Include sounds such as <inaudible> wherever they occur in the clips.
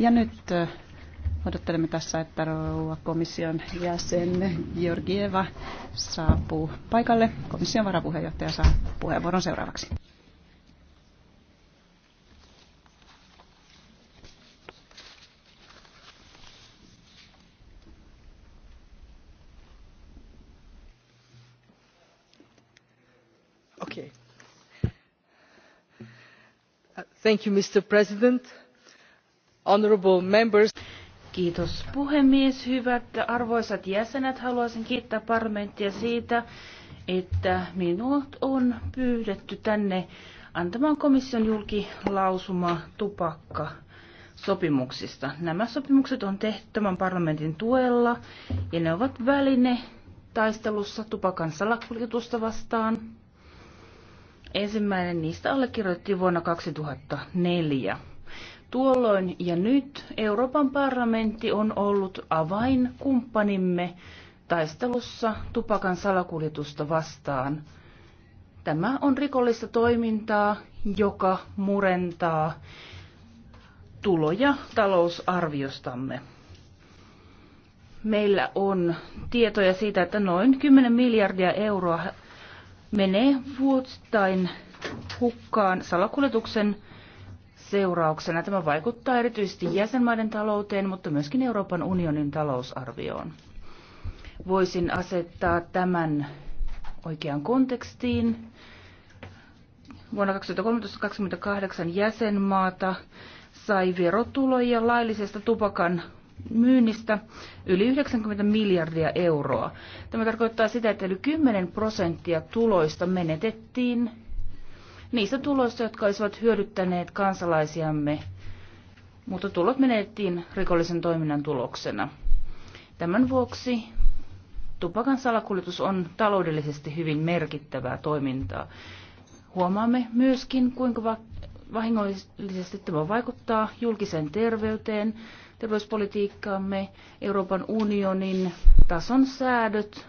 Ja nyt äh, odottelemme tässä, että rouva komission jäsen Georgieva saapuu paikalle. Komission varapuheenjohtaja saa puheenvuoron seuraavaksi. Uh, thank you, Mr. President honorable members. Kiitos puhemies. Hyvät arvoisat jäsenet, haluaisin kiittää parlamenttia siitä, että minut on pyydetty tänne antamaan komission julkilausuma tupakka sopimuksista. Nämä sopimukset on tehty tämän parlamentin tuella ja ne ovat väline taistelussa tupakan salakuljetusta vastaan. Ensimmäinen niistä allekirjoitettiin vuonna 2004. Tuolloin ja nyt Euroopan parlamentti on ollut avainkumppanimme taistelussa tupakan salakuljetusta vastaan. Tämä on rikollista toimintaa, joka murentaa tuloja talousarviostamme. Meillä on tietoja siitä, että noin 10 miljardia euroa menee vuosittain hukkaan salakuljetuksen seurauksena. Tämä vaikuttaa erityisesti jäsenmaiden talouteen, mutta myöskin Euroopan unionin talousarvioon. Voisin asettaa tämän oikeaan kontekstiin. Vuonna 2013 2028 jäsenmaata sai verotuloja laillisesta tupakan myynnistä yli 90 miljardia euroa. Tämä tarkoittaa sitä, että yli 10 prosenttia tuloista menetettiin niistä tuloista, jotka olisivat hyödyttäneet kansalaisiamme, mutta tulot menettiin rikollisen toiminnan tuloksena. Tämän vuoksi tupakan salakuljetus on taloudellisesti hyvin merkittävää toimintaa. Huomaamme myöskin, kuinka vahingollisesti tämä vaikuttaa julkiseen terveyteen, terveyspolitiikkaamme, Euroopan unionin tason säädöt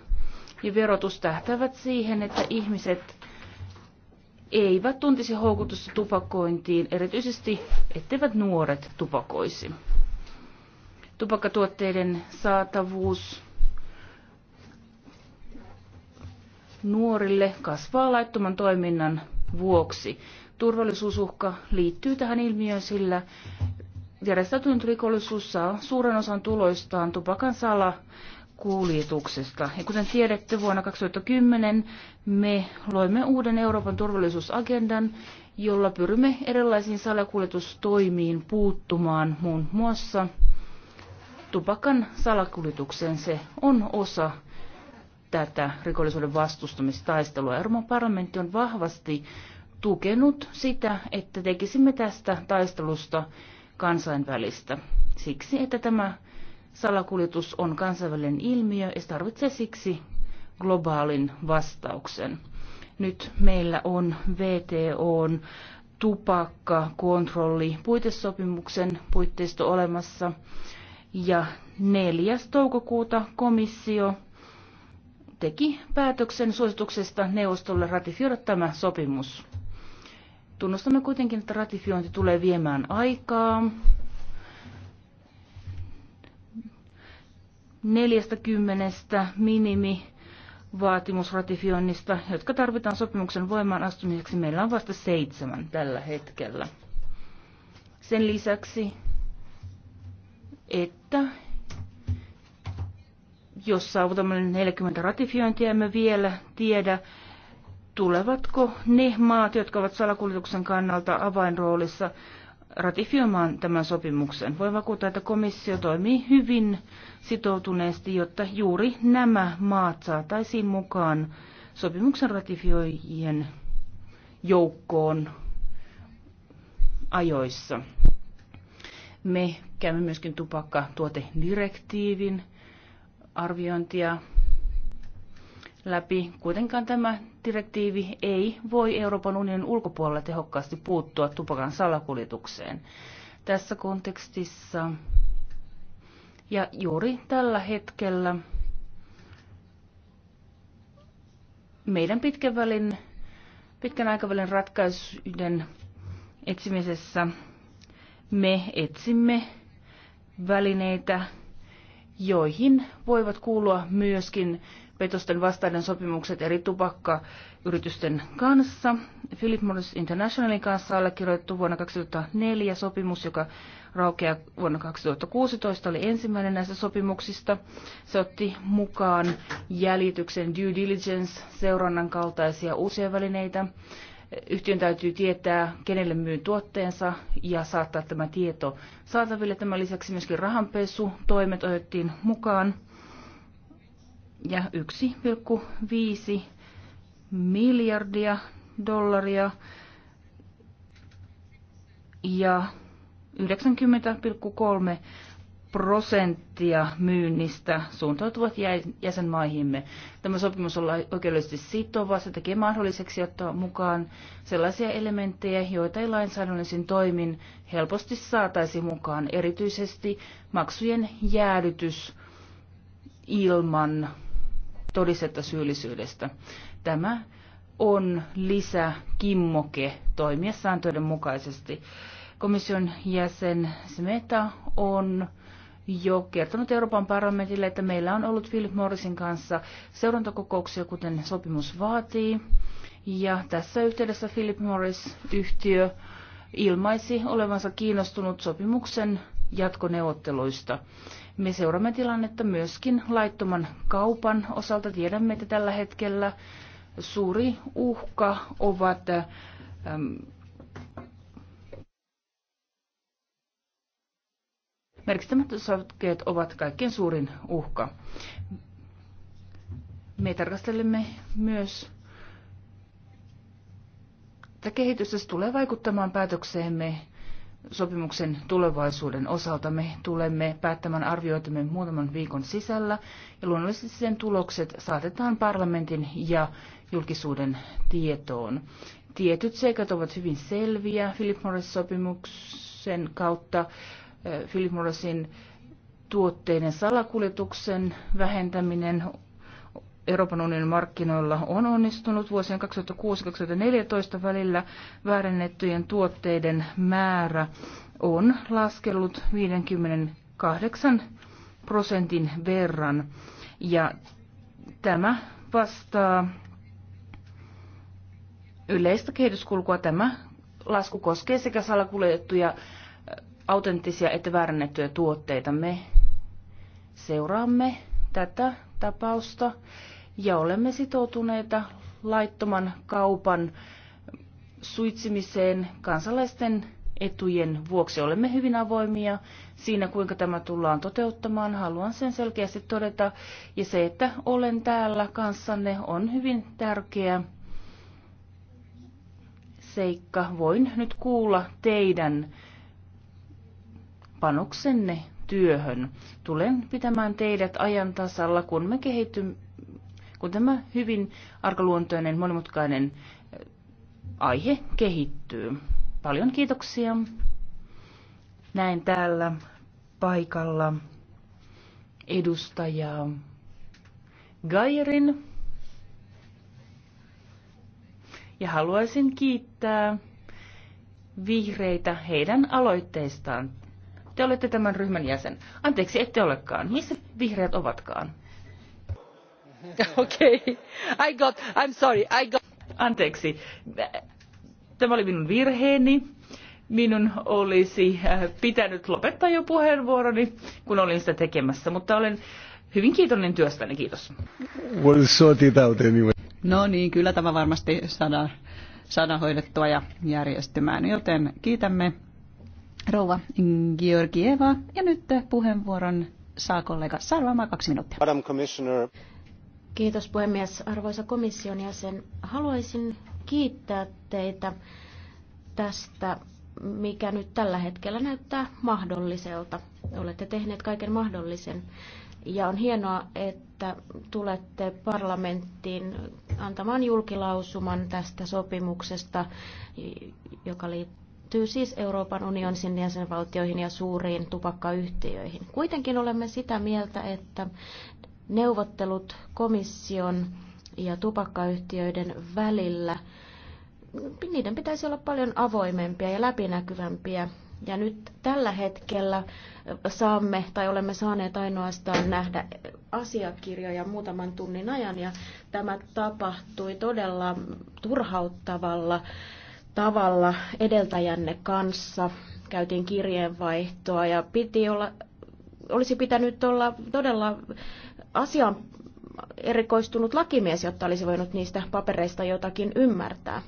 ja verotus tähtävät siihen, että ihmiset eivät tuntisi houkutusta tupakointiin, erityisesti etteivät nuoret tupakoisi. Tupakkatuotteiden saatavuus nuorille kasvaa laittoman toiminnan vuoksi. Turvallisuusuhka liittyy tähän ilmiöön, sillä järjestäytynyt rikollisuus saa suuren osan tuloistaan tupakan sala kuljetuksesta. Ja kuten tiedätte, vuonna 2010 me loimme uuden Euroopan turvallisuusagendan, jolla pyrimme erilaisiin salakuljetustoimiin puuttumaan muun muassa tupakan salakuljetukseen. Se on osa tätä rikollisuuden vastustamistaistelua. Euroopan parlamentti on vahvasti tukenut sitä, että tekisimme tästä taistelusta kansainvälistä. Siksi, että tämä Salakuljetus on kansainvälinen ilmiö ja se tarvitsee siksi globaalin vastauksen. Nyt meillä on VTOn tupakkakontrolli puitesopimuksen puitteisto olemassa. Ja 4. toukokuuta komissio teki päätöksen suosituksesta neuvostolle ratifioida tämä sopimus. Tunnustamme kuitenkin, että ratifiointi tulee viemään aikaa. 40 minimi vaatimusratifioinnista, jotka tarvitaan sopimuksen voimaan astumiseksi, meillä on vasta seitsemän tällä hetkellä. Sen lisäksi, että jos saavutamme 40 ratifiointia, emme vielä tiedä, tulevatko ne maat, jotka ovat salakuljetuksen kannalta avainroolissa ratifioimaan tämän sopimuksen. Voi vakuuttaa, että komissio toimii hyvin sitoutuneesti, jotta juuri nämä maat saataisiin mukaan sopimuksen ratifioijien joukkoon ajoissa. Me käymme myöskin tupakkatuotedirektiivin arviointia läpi. Kuitenkaan tämä direktiivi ei voi Euroopan unionin ulkopuolella tehokkaasti puuttua tupakan salakuljetukseen. Tässä kontekstissa ja juuri tällä hetkellä meidän pitkän, välin, pitkän aikavälin ratkaisuiden etsimisessä me etsimme välineitä, joihin voivat kuulua myöskin petosten vastainen sopimukset eri tupakkayritysten kanssa. Philip Morris Internationalin kanssa allekirjoitettu vuonna 2004 sopimus, joka raukeaa vuonna 2016, oli ensimmäinen näistä sopimuksista. Se otti mukaan jäljityksen due diligence-seurannan kaltaisia uusia välineitä. Yhtiön täytyy tietää, kenelle myy tuotteensa ja saattaa tämä tieto saataville. Tämän lisäksi myöskin rahanpesu toimet otettiin mukaan ja 1,5 miljardia dollaria ja 90,3 prosenttia myynnistä suuntautuvat jäsenmaihimme. Tämä sopimus on oikeudellisesti sitova. Se tekee mahdolliseksi ottaa mukaan sellaisia elementtejä, joita ei lainsäädännöllisin toimin helposti saataisi mukaan, erityisesti maksujen jäädytys ilman todistetta syyllisyydestä. Tämä on lisä kimmoke toimia sääntöiden mukaisesti. Komission jäsen Smeta on jo kertonut Euroopan parlamentille, että meillä on ollut Philip Morrisin kanssa seurantakokouksia, kuten sopimus vaatii. Ja tässä yhteydessä Philip Morris-yhtiö ilmaisi olevansa kiinnostunut sopimuksen jatkoneuvotteluista. Me seuraamme tilannetta myöskin laittoman kaupan osalta. Tiedämme, että tällä hetkellä suuri uhka ovat ähm, Merkittämättä sotkeet ovat kaikkein suurin uhka. Me tarkastelemme myös että kehitys tulee vaikuttamaan päätökseemme sopimuksen tulevaisuuden osalta. Me tulemme päättämään arvioitamme muutaman viikon sisällä ja luonnollisesti sen tulokset saatetaan parlamentin ja julkisuuden tietoon. Tietyt seikat ovat hyvin selviä Philip Morris-sopimuksen kautta. Äh, Philip Morrisin tuotteiden salakuljetuksen vähentäminen Euroopan unionin markkinoilla on onnistunut vuosien 2006-2014 välillä väärennettyjen tuotteiden määrä on laskellut 58 prosentin verran. Ja tämä vastaa yleistä kehityskulkua. Tämä lasku koskee sekä salakuljettuja autenttisia että väärennettyjä tuotteita. Me seuraamme tätä tapausta ja olemme sitoutuneita laittoman kaupan suitsimiseen kansalaisten etujen vuoksi. Olemme hyvin avoimia siinä, kuinka tämä tullaan toteuttamaan. Haluan sen selkeästi todeta. Ja se, että olen täällä kanssanne, on hyvin tärkeä seikka. Voin nyt kuulla teidän panoksenne työhön. Tulen pitämään teidät ajan tasalla, kun me kehitymme kun tämä hyvin arkaluontoinen, monimutkainen äh, aihe kehittyy. Paljon kiitoksia. Näin täällä paikalla edustaja Gairin. Ja haluaisin kiittää vihreitä heidän aloitteistaan. Te olette tämän ryhmän jäsen. Anteeksi, ette olekaan. Missä vihreät ovatkaan? <laughs> Anteeksi. Tämä oli minun virheeni. Minun olisi äh, pitänyt lopettaa jo puheenvuoroni, kun olin sitä tekemässä, mutta olen hyvin kiitollinen työstäni. Kiitos. We'll sort it out anyway. No niin, kyllä tämä varmasti saadaan, saada hoidettua ja järjestymään, joten kiitämme rouva Georgieva. Ja nyt puheenvuoron saa kollega Sarvamaa kaksi minuuttia. Madam Commissioner. Kiitos puhemies. Arvoisa komission jäsen, haluaisin kiittää teitä tästä, mikä nyt tällä hetkellä näyttää mahdolliselta. Olette tehneet kaiken mahdollisen. Ja on hienoa, että tulette parlamenttiin antamaan julkilausuman tästä sopimuksesta, joka liittyy siis Euroopan unionin jäsenvaltioihin ja suuriin tupakkayhtiöihin. Kuitenkin olemme sitä mieltä, että Neuvottelut komission ja tupakkayhtiöiden välillä, niiden pitäisi olla paljon avoimempia ja läpinäkyvämpiä. Ja nyt tällä hetkellä saamme tai olemme saaneet ainoastaan nähdä asiakirjoja muutaman tunnin ajan ja tämä tapahtui todella turhauttavalla tavalla edeltäjänne kanssa. Käytiin kirjeenvaihtoa ja piti olla olisi pitänyt olla todella asiaan erikoistunut lakimies, jotta olisi voinut niistä papereista jotakin ymmärtää.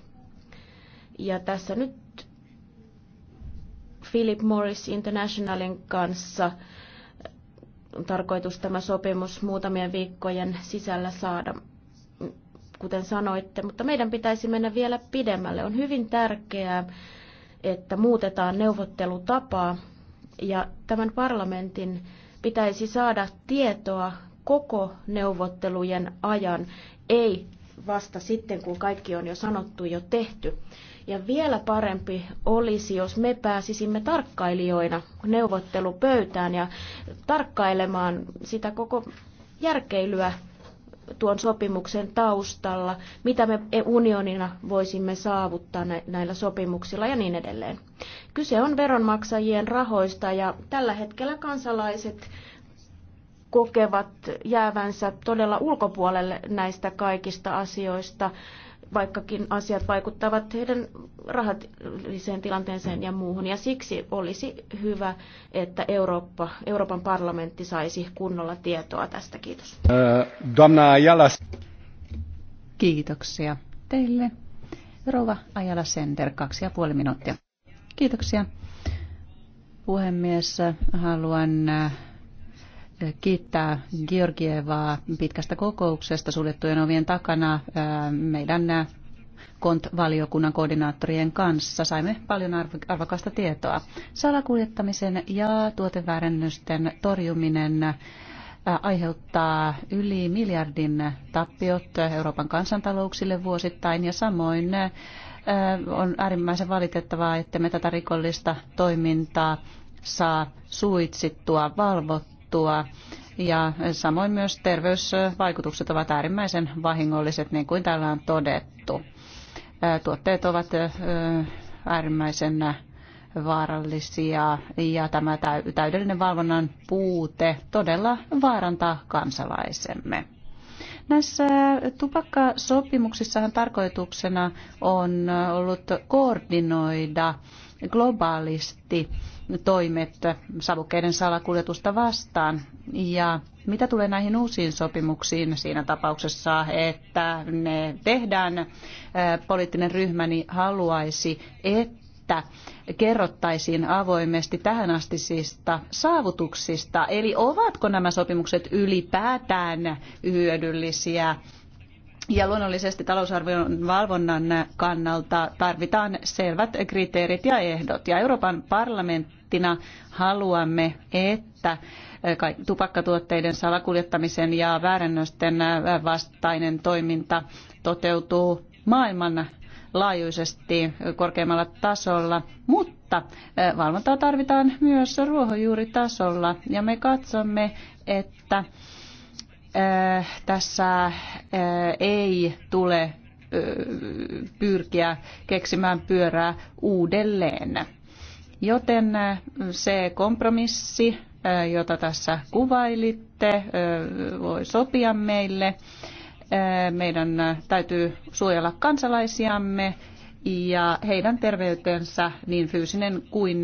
Ja tässä nyt Philip Morris Internationalin kanssa on tarkoitus tämä sopimus muutamien viikkojen sisällä saada, kuten sanoitte, mutta meidän pitäisi mennä vielä pidemmälle. On hyvin tärkeää, että muutetaan neuvottelutapaa ja tämän parlamentin pitäisi saada tietoa koko neuvottelujen ajan, ei vasta sitten, kun kaikki on jo sanottu, jo tehty. Ja vielä parempi olisi, jos me pääsisimme tarkkailijoina neuvottelupöytään ja tarkkailemaan sitä koko järkeilyä tuon sopimuksen taustalla, mitä me e- unionina voisimme saavuttaa näillä sopimuksilla ja niin edelleen. Kyse on veronmaksajien rahoista ja tällä hetkellä kansalaiset kokevat jäävänsä todella ulkopuolelle näistä kaikista asioista vaikkakin asiat vaikuttavat heidän rahalliseen tilanteeseen ja muuhun. Ja siksi olisi hyvä, että Eurooppa, Euroopan parlamentti saisi kunnolla tietoa tästä. Kiitos. Jalas. Äh, Kiitoksia teille. Rova Ajala Sender, kaksi ja puoli minuuttia. Kiitoksia. Puhemies, haluan äh, kiittää Georgievaa pitkästä kokouksesta suljettujen ovien takana meidän KONT-valiokunnan koordinaattorien kanssa. Saimme paljon arvokasta tietoa. Salakuljettamisen ja tuoteväärennösten torjuminen aiheuttaa yli miljardin tappiot Euroopan kansantalouksille vuosittain ja samoin on äärimmäisen valitettavaa, että me tätä rikollista toimintaa saa suitsittua, valvottua etua. Ja samoin myös terveysvaikutukset ovat äärimmäisen vahingolliset, niin kuin täällä on todettu. Tuotteet ovat äärimmäisen vaarallisia ja tämä täydellinen valvonnan puute todella vaarantaa kansalaisemme. Näissä tupakkasopimuksissahan tarkoituksena on ollut koordinoida globaalisti toimet savukkeiden salakuljetusta vastaan. Ja mitä tulee näihin uusiin sopimuksiin siinä tapauksessa, että ne tehdään, poliittinen ryhmäni haluaisi, että että kerrottaisiin avoimesti tähänastisista saavutuksista, eli ovatko nämä sopimukset ylipäätään hyödyllisiä ja luonnollisesti talousarvion valvonnan kannalta tarvitaan selvät kriteerit ja ehdot. Ja Euroopan parlamenttina haluamme, että tupakkatuotteiden salakuljettamisen ja väärennösten vastainen toiminta toteutuu maailman laajuisesti korkeammalla tasolla, mutta valvontaa tarvitaan myös ruohonjuuritasolla ja me katsomme, että Äh, tässä äh, ei tule äh, pyrkiä keksimään pyörää uudelleen. Joten se kompromissi, jota tässä kuvailitte, voi sopia meille. Meidän täytyy suojella kansalaisiamme ja heidän terveytensä, niin fyysinen kuin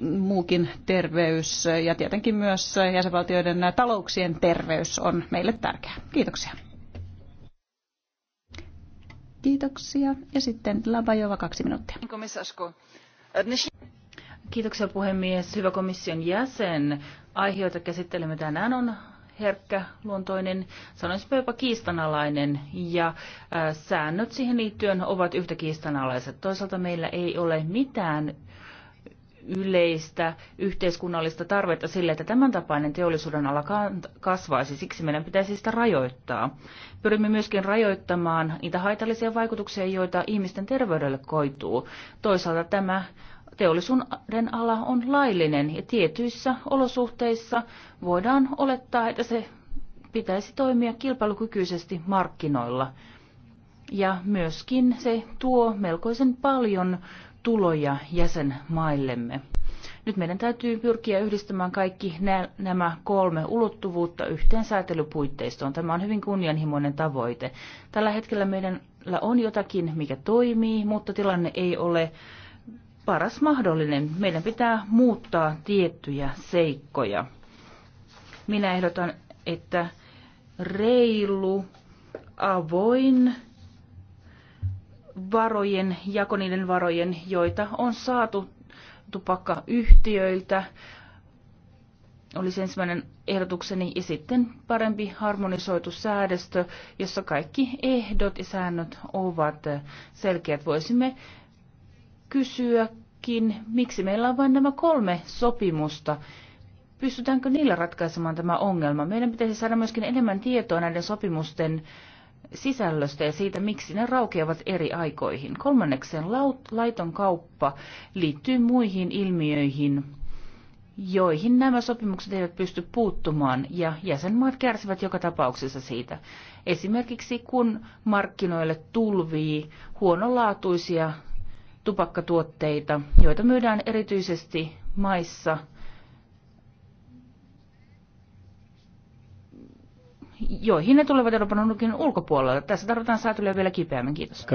muukin terveys ja tietenkin myös jäsenvaltioiden talouksien terveys on meille tärkeää. Kiitoksia. Kiitoksia. Ja sitten Labajova kaksi minuuttia. Kiitoksia puhemies. Hyvä komission jäsen. Aihe, jota käsittelemme tänään, on herkkä luontoinen, sanoisinpa jopa kiistanalainen, ja äh, säännöt siihen liittyen ovat yhtä kiistanalaiset. Toisaalta meillä ei ole mitään yleistä yhteiskunnallista tarvetta sille, että tämän tapainen teollisuuden ala kasvaisi. Siksi meidän pitäisi sitä rajoittaa. Pyrimme myöskin rajoittamaan niitä haitallisia vaikutuksia, joita ihmisten terveydelle koituu. Toisaalta tämä teollisuuden ala on laillinen ja tietyissä olosuhteissa voidaan olettaa, että se pitäisi toimia kilpailukykyisesti markkinoilla. Ja myöskin se tuo melkoisen paljon tuloja jäsenmaillemme. Nyt meidän täytyy pyrkiä yhdistämään kaikki nämä kolme ulottuvuutta yhteen säätelypuitteistoon. Tämä on hyvin kunnianhimoinen tavoite. Tällä hetkellä meidän on jotakin, mikä toimii, mutta tilanne ei ole paras mahdollinen. Meidän pitää muuttaa tiettyjä seikkoja. Minä ehdotan, että reilu, avoin varojen jako niiden varojen, joita on saatu tupakkayhtiöiltä. Olisi ensimmäinen ehdotukseni ja sitten parempi harmonisoitu säädöstö, jossa kaikki ehdot ja säännöt ovat selkeät. Voisimme kysyäkin, miksi meillä on vain nämä kolme sopimusta. Pystytäänkö niillä ratkaisemaan tämä ongelma? Meidän pitäisi saada myöskin enemmän tietoa näiden sopimusten sisällöstä ja siitä, miksi ne raukeavat eri aikoihin. Kolmannekseen laiton kauppa liittyy muihin ilmiöihin, joihin nämä sopimukset eivät pysty puuttumaan ja jäsenmaat kärsivät joka tapauksessa siitä. Esimerkiksi kun markkinoille tulvii huonolaatuisia tupakkatuotteita, joita myydään erityisesti maissa – joihin ne tulevat Euroopan unionin ulkopuolella. Tässä tarvitaan säätelyä vielä kipeämmin. Kiitos.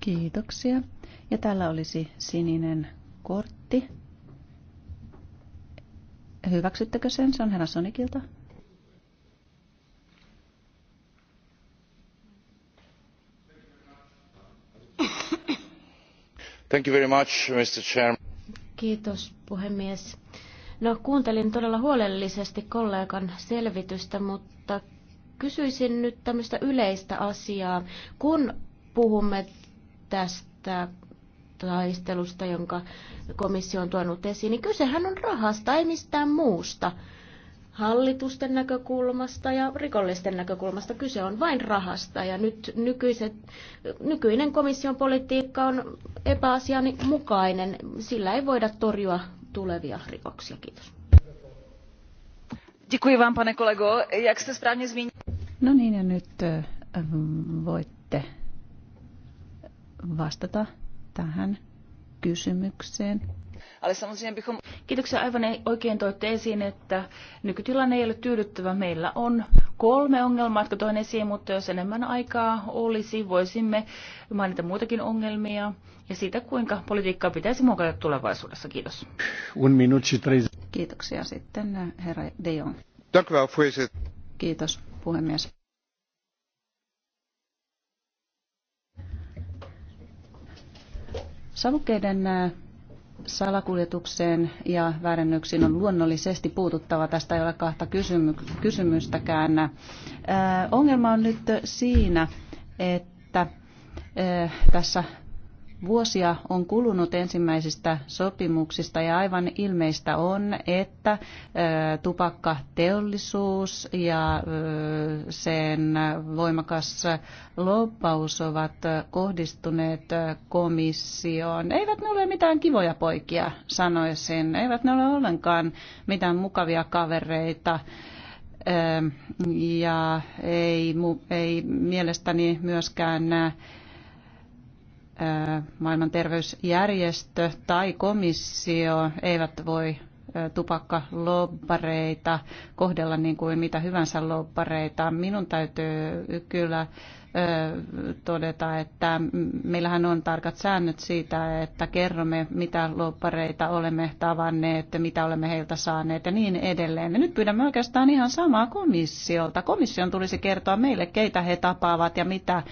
Kiitoksia. Ja täällä olisi sininen kortti. Hyväksyttekö sen? Se on herra Sonikilta. Thank you very much, Mr. Chairman. Kiitos puhemies. No, kuuntelin todella huolellisesti kollegan selvitystä, mutta kysyisin nyt tämmöistä yleistä asiaa. Kun puhumme tästä taistelusta, jonka komissio on tuonut esiin, niin kysehän on rahasta, ei mistään muusta. Hallitusten näkökulmasta ja rikollisten näkökulmasta kyse on vain rahasta ja nyt nykyiset, nykyinen komission politiikka on epäasiani mukainen. Sillä ei voida torjua tulevia rikoksia. Kiitos. Děkuji vám, pane kolego. Jak jste správně zmínil? No niin, ja nyt voitte vastata tähän kysymykseen. Kiitoksia aivan oikein toitte esiin, että nykytilanne ei ole tyydyttävä. Meillä on kolme ongelmaa, jotka toin esiin, mutta jos enemmän aikaa olisi, voisimme mainita muitakin ongelmia ja siitä, kuinka politiikkaa pitäisi muokata tulevaisuudessa. Kiitos. Un minuutti Kiitoksia sitten herra De Jong. Kiitos puhemies. Savukkeiden äh, salakuljetukseen ja väärennöksiin on luonnollisesti puututtava. Tästä ei ole kahta kysymy- kysymystäkään. Ö, äh, ongelma on nyt siinä, että ö, äh, tässä Vuosia on kulunut ensimmäisistä sopimuksista ja aivan ilmeistä on, että tupakkateollisuus ja sen voimakas loppaus ovat kohdistuneet komissioon. Eivät ne ole mitään kivoja poikia, sanoisin. Eivät ne ole ollenkaan mitään mukavia kavereita ja ei, ei mielestäni myöskään maailman terveysjärjestö tai komissio eivät voi tupakkalobbareita kohdella niin kuin mitä hyvänsä lobbareita. Minun täytyy kyllä todeta, että meillähän on tarkat säännöt siitä, että kerromme, mitä loppareita olemme tavanneet, mitä olemme heiltä saaneet ja niin edelleen. Ja nyt pyydämme oikeastaan ihan samaa komissiolta. Komission tulisi kertoa meille, keitä he tapaavat ja mitä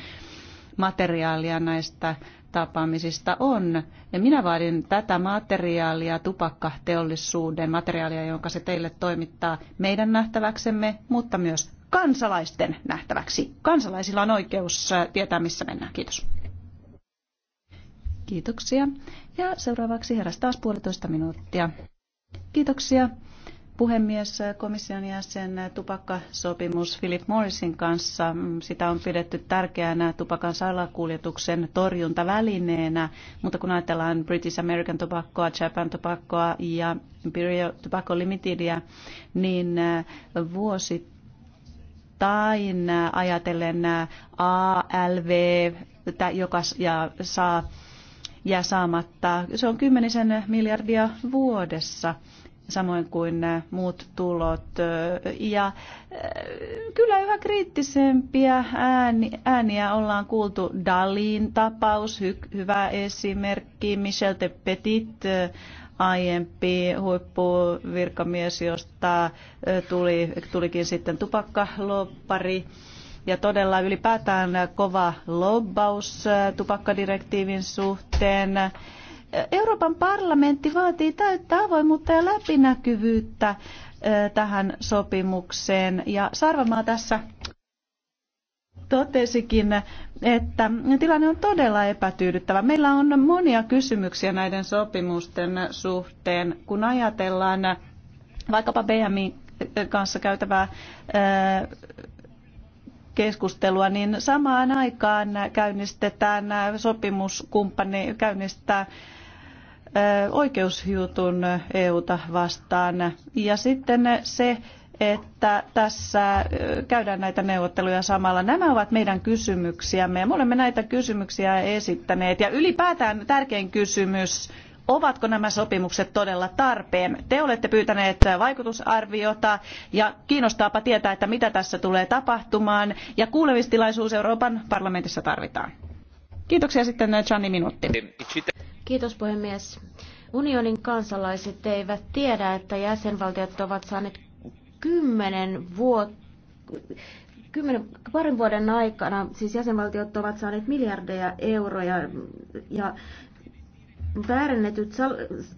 materiaalia näistä tapaamisista on. Ja minä vaadin tätä materiaalia tupakkateollisuuden materiaalia, jonka se teille toimittaa meidän nähtäväksemme, mutta myös kansalaisten nähtäväksi. Kansalaisilla on oikeus äh, tietää, missä mennään. Kiitos. Kiitoksia. Ja seuraavaksi herästä taas puolitoista minuuttia. Kiitoksia puhemies, komission jäsen tupakkasopimus Philip Morrisin kanssa. Sitä on pidetty tärkeänä tupakan salakuljetuksen torjuntavälineenä, mutta kun ajatellaan British American Tobaccoa, Japan Tobaccoa ja Imperial Tobacco Limitedia, niin vuosittain ajatellen ALV, joka ja saa jää saamatta. Se on kymmenisen miljardia vuodessa samoin kuin äh, muut tulot. Äh, ja äh, kyllä yhä kriittisempiä ääniä ollaan kuultu. Dalin tapaus, hy- hyvä esimerkki, Michel de Petit, aiempi huippuvirkamies, josta tuli, tulikin sitten tupakkaloppari. Ja todella ylipäätään kova lobbaus tupakkadirektiivin suhteen. Euroopan parlamentti vaatii täyttä avoimuutta ja läpinäkyvyyttä tähän sopimukseen. Ja Sarvamaa tässä totesikin, että tilanne on todella epätyydyttävä. Meillä on monia kysymyksiä näiden sopimusten suhteen, kun ajatellaan vaikkapa BMI kanssa käytävää keskustelua, niin samaan aikaan käynnistetään sopimuskumppani käynnistää oikeusjutun EUta vastaan. Ja sitten se, että tässä käydään näitä neuvotteluja samalla. Nämä ovat meidän kysymyksiämme ja me olemme näitä kysymyksiä esittäneet. Ja ylipäätään tärkein kysymys, ovatko nämä sopimukset todella tarpeen? Te olette pyytäneet vaikutusarviota ja kiinnostaapa tietää, että mitä tässä tulee tapahtumaan. Ja kuulemistilaisuus Euroopan parlamentissa tarvitaan. Kiitoksia sitten Gianni Minuutti. Kiitos puhemies. Unionin kansalaiset eivät tiedä, että jäsenvaltiot ovat saaneet kymmenen vuotta kymmenen, parin vuoden aikana siis jäsenvaltiot ovat saaneet miljardeja euroja ja väärennetyt,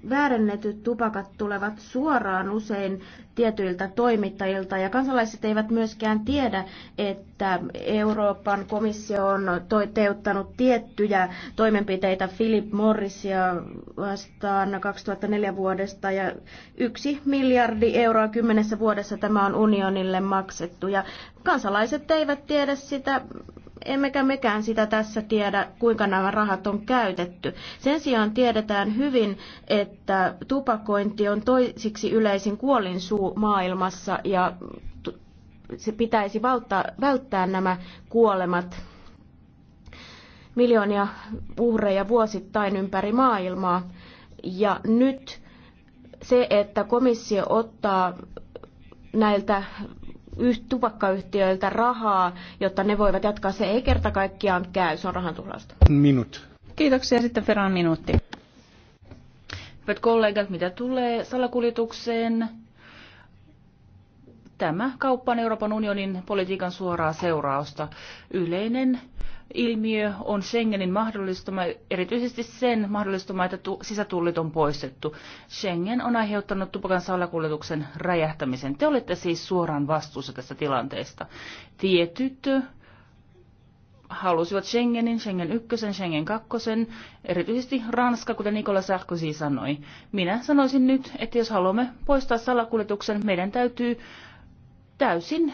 väärennetyt tupakat tulevat suoraan usein tietyiltä toimittajilta ja kansalaiset eivät myöskään tiedä, että Euroopan komissio on toteuttanut tiettyjä toimenpiteitä Philip Morrisia vastaan 2004 vuodesta ja yksi miljardi euroa kymmenessä vuodessa tämä on unionille maksettu ja kansalaiset eivät tiedä sitä emmekä mekään sitä tässä tiedä, kuinka nämä rahat on käytetty. Sen sijaan tiedetään hyvin, että tupakointi on toisiksi yleisin kuolinsuu maailmassa ja se pitäisi valtaa, välttää nämä kuolemat miljoonia uhreja vuosittain ympäri maailmaa. Ja nyt se, että komissio ottaa näiltä tupakkayhtiöiltä rahaa, jotta ne voivat jatkaa. Se ei kerta kaikkiaan käy, se on rahan tuhlausta. Minut. Kiitoksia, sitten Ferran minuutti. Hyvät kollegat, mitä tulee salakuljetukseen, tämä kauppa on Euroopan unionin politiikan suoraa seurausta. Yleinen ilmiö on Schengenin mahdollistama, erityisesti sen mahdollistama, että sisätullit on poistettu. Schengen on aiheuttanut tupakan salakuljetuksen räjähtämisen. Te olette siis suoraan vastuussa tästä tilanteesta. Tietyt halusivat Schengenin, Schengen ykkösen, Schengen kakkosen, erityisesti Ranska, kuten Nikola Sarkozy sanoi. Minä sanoisin nyt, että jos haluamme poistaa salakuljetuksen, meidän täytyy täysin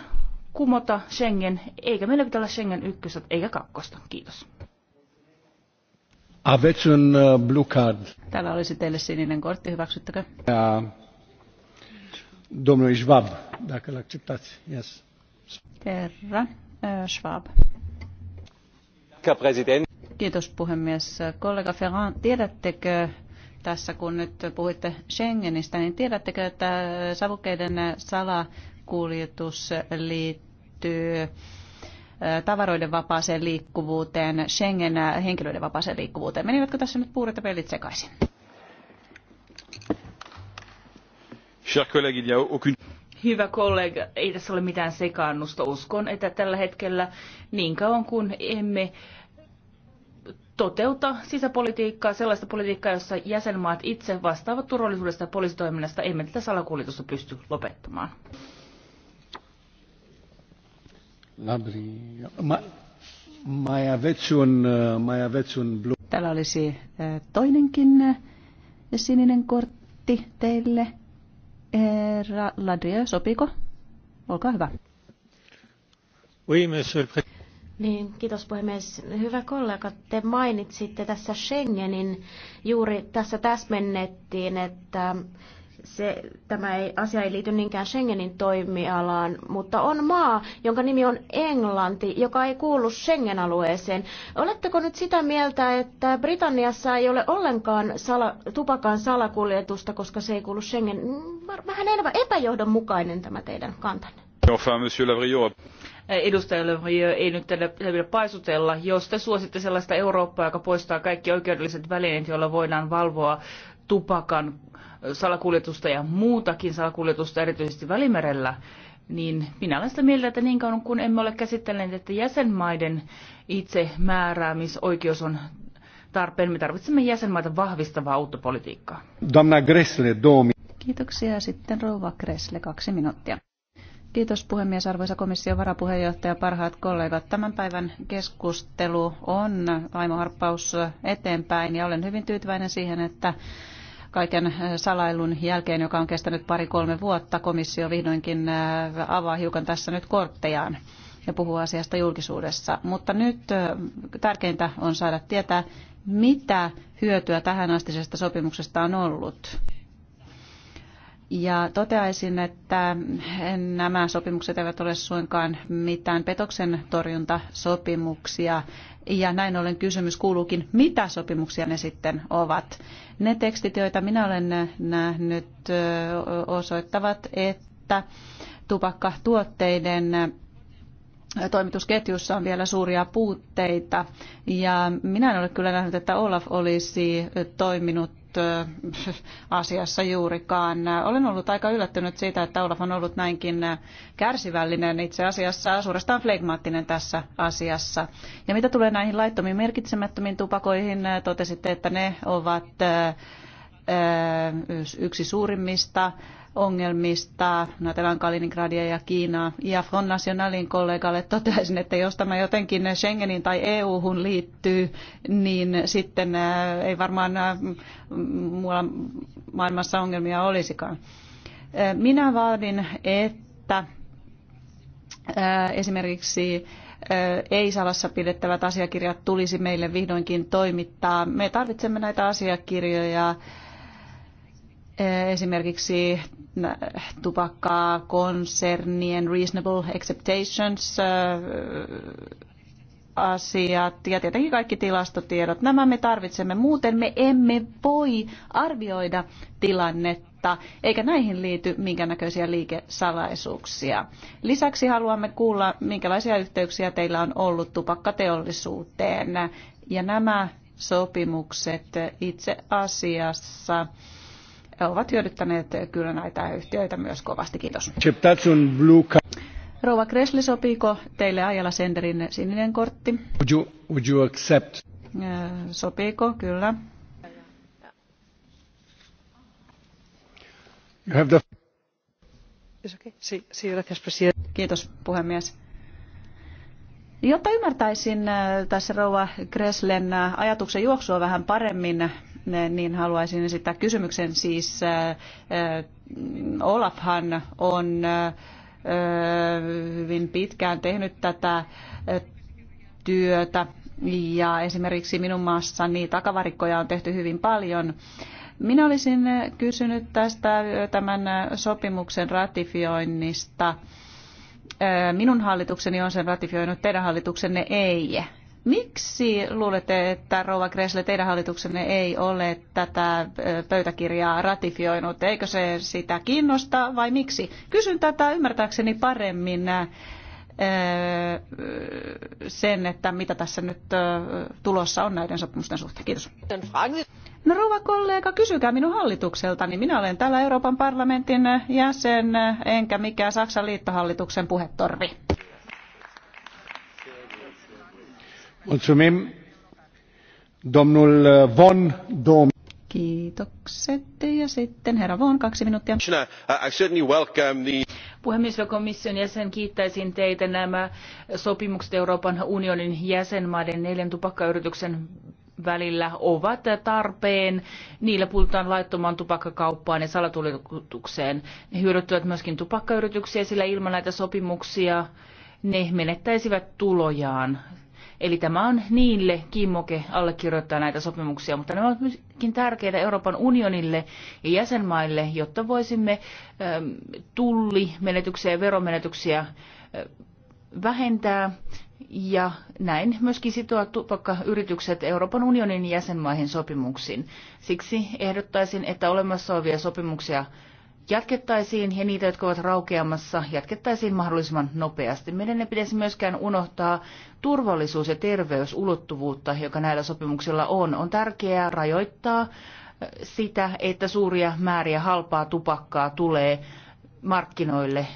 kumota Schengen, eikä meillä pitää olla Schengen ykköstä eikä kakkosta. Kiitos. Aveți un uh, blue card. Täällä olisi teille sininen kortti, hyväksyttäkö? Ja, domnul Schwab, dacă l acceptați. Yes. Herra uh, Schwab. Kiitos puhemies. Kollega Ferran, tiedättekö tässä kun nyt puhuitte Schengenistä, niin tiedättekö, että savukkeiden sala kuljetus liittyy tavaroiden vapaaseen liikkuvuuteen, Schengen henkilöiden vapaaseen liikkuvuuteen. Menivätkö tässä nyt puurit ja pelit sekaisin? Hyvä kollega, ei tässä ole mitään sekaannusta. Uskon, että tällä hetkellä niin kauan kuin emme toteuta sisäpolitiikkaa, sellaista politiikkaa, jossa jäsenmaat itse vastaavat turvallisuudesta ja poliisitoiminnasta, emme tätä salakuljetusta pysty lopettamaan. Uh, Täällä olisi uh, toinenkin uh, sininen kortti teille. Herra Ladrie, sopiko? Olkaa hyvä. niin, kiitos puhemies. Hyvä kollega, te mainitsitte tässä Schengenin, juuri tässä täsmennettiin, että se, tämä ei, asia ei liity niinkään Schengenin toimialaan, mutta on maa, jonka nimi on Englanti, joka ei kuulu Schengen-alueeseen. Oletteko nyt sitä mieltä, että Britanniassa ei ole ollenkaan sala, tupakan salakuljetusta, koska se ei kuulu Schengen? Mm, vähän epäjohdonmukainen tämä teidän kantanne. Enfin, monsieur Lavrio. Edustajalle ei nyt tällä pidä paisutella. Jos te suositte sellaista Eurooppaa, joka poistaa kaikki oikeudelliset välineet, joilla voidaan valvoa tupakan salakuljetusta ja muutakin salakuljetusta, erityisesti Välimerellä, niin minä olen sitä mieltä, että niin kauan kun emme ole käsitelleet, että jäsenmaiden itsemääräämisoikeus on tarpeen, me tarvitsemme jäsenmaita vahvistavaa uutta politiikkaa. Gressle, domi. Kiitoksia. Sitten rouva Gressle, kaksi minuuttia. Kiitos puhemies, arvoisa komission varapuheenjohtaja, parhaat kollegat. Tämän päivän keskustelu on aimoharppaus eteenpäin ja olen hyvin tyytyväinen siihen, että kaiken äh, salailun jälkeen, joka on kestänyt pari-kolme vuotta, komissio vihdoinkin äh, avaa hiukan tässä nyt korttejaan ja puhuu asiasta julkisuudessa. Mutta nyt äh, tärkeintä on saada tietää, mitä hyötyä tähän astisesta sopimuksesta on ollut. Ja toteaisin, että nämä sopimukset eivät ole suinkaan mitään petoksen torjuntasopimuksia. Ja näin ollen kysymys kuuluukin, mitä sopimuksia ne sitten ovat. Ne tekstit, joita minä olen nähnyt, osoittavat, että tupakkatuotteiden toimitusketjussa on vielä suuria puutteita. Ja minä en ole kyllä nähnyt, että Olaf olisi toiminut <laughs> asiassa juurikaan. Olen ollut aika yllättynyt siitä, että Olaf on ollut näinkin kärsivällinen, itse asiassa suorastaan flegmaattinen tässä asiassa. Ja mitä tulee näihin laittomiin merkitsemättömiin tupakoihin, totesitte, että ne ovat yksi suurimmista ongelmista, ajatellaan no, Kaliningradia ja Kiinaa. Ja Front Nationalin kollegalle toteaisin, että jos tämä jotenkin Schengenin tai EU-hun liittyy, niin sitten äh, ei varmaan äh, muualla maailmassa ongelmia olisikaan. Äh, minä vaadin, että esimerkiksi ei salassa pidettävät asiakirjat tulisi meille vihdoinkin toimittaa. Me tarvitsemme näitä asiakirjoja Eh, esimerkiksi tupakkaa, konsernien reasonable expectations, eh, asiat ja tietenkin kaikki tilastotiedot. Nämä me tarvitsemme, muuten me emme voi arvioida tilannetta, eikä näihin liity minkäännäköisiä liikesalaisuuksia. Lisäksi haluamme kuulla, minkälaisia yhteyksiä teillä on ollut tupakkateollisuuteen. Ja nämä sopimukset itse asiassa ovat hyödyttäneet kyllä näitä yhtiöitä myös kovasti. Kiitos. Rouva Kresli, sopiiko teille Ajala Senderin sininen kortti? Would you, would you accept? Äh, sopiiko? Kyllä. You have the... Kiitos puhemies. Jotta ymmärtäisin äh, tässä rouva Kreslen äh, ajatuksen juoksua vähän paremmin, niin haluaisin esittää kysymyksen. Siis äh, äh, Olafhan on äh, hyvin pitkään tehnyt tätä työtä ja esimerkiksi minun maassani takavarikkoja on tehty hyvin paljon. Minä olisin kysynyt tästä tämän sopimuksen ratifioinnista. Minun hallitukseni on sen ratifioinut, teidän hallituksenne ei. Miksi luulette, että Rova Gressle, teidän hallituksenne ei ole tätä pöytäkirjaa ratifioinut? Eikö se sitä kiinnosta vai miksi? Kysyn tätä ymmärtääkseni paremmin sen, että mitä tässä nyt tulossa on näiden sopimusten suhteen. Kiitos. No rouva kollega, kysykää minun hallitukseltani. minä olen täällä Euroopan parlamentin jäsen, enkä mikään Saksan liittohallituksen puhetorvi. Uh, Von sitten herra Von, kaksi minuuttia. Puhemies hyvä komission jäsen, kiittäisin teitä nämä sopimukset Euroopan unionin jäsenmaiden neljän tupakkayrityksen välillä ovat tarpeen. Niillä puututaan laittomaan tupakkakauppaan ja salatulitukseen. Ne hyödyttävät myöskin tupakkayrityksiä, sillä ilman näitä sopimuksia ne menettäisivät tulojaan. Eli tämä on niille kimmoke allekirjoittaa näitä sopimuksia, mutta ne ovat myöskin tärkeitä Euroopan unionille ja jäsenmaille, jotta voisimme ähm, tullimenetyksiä ja veromenetyksiä äh, vähentää ja näin myöskin sitoa tupakkayritykset Euroopan unionin jäsenmaihin sopimuksiin. Siksi ehdottaisin, että olemassa olevia sopimuksia jatkettaisiin ja niitä, jotka ovat raukeamassa, jatkettaisiin mahdollisimman nopeasti. Meidän ei pitäisi myöskään unohtaa turvallisuus- ja terveysulottuvuutta, joka näillä sopimuksilla on. On tärkeää rajoittaa sitä, että suuria määriä halpaa tupakkaa tulee markkinoille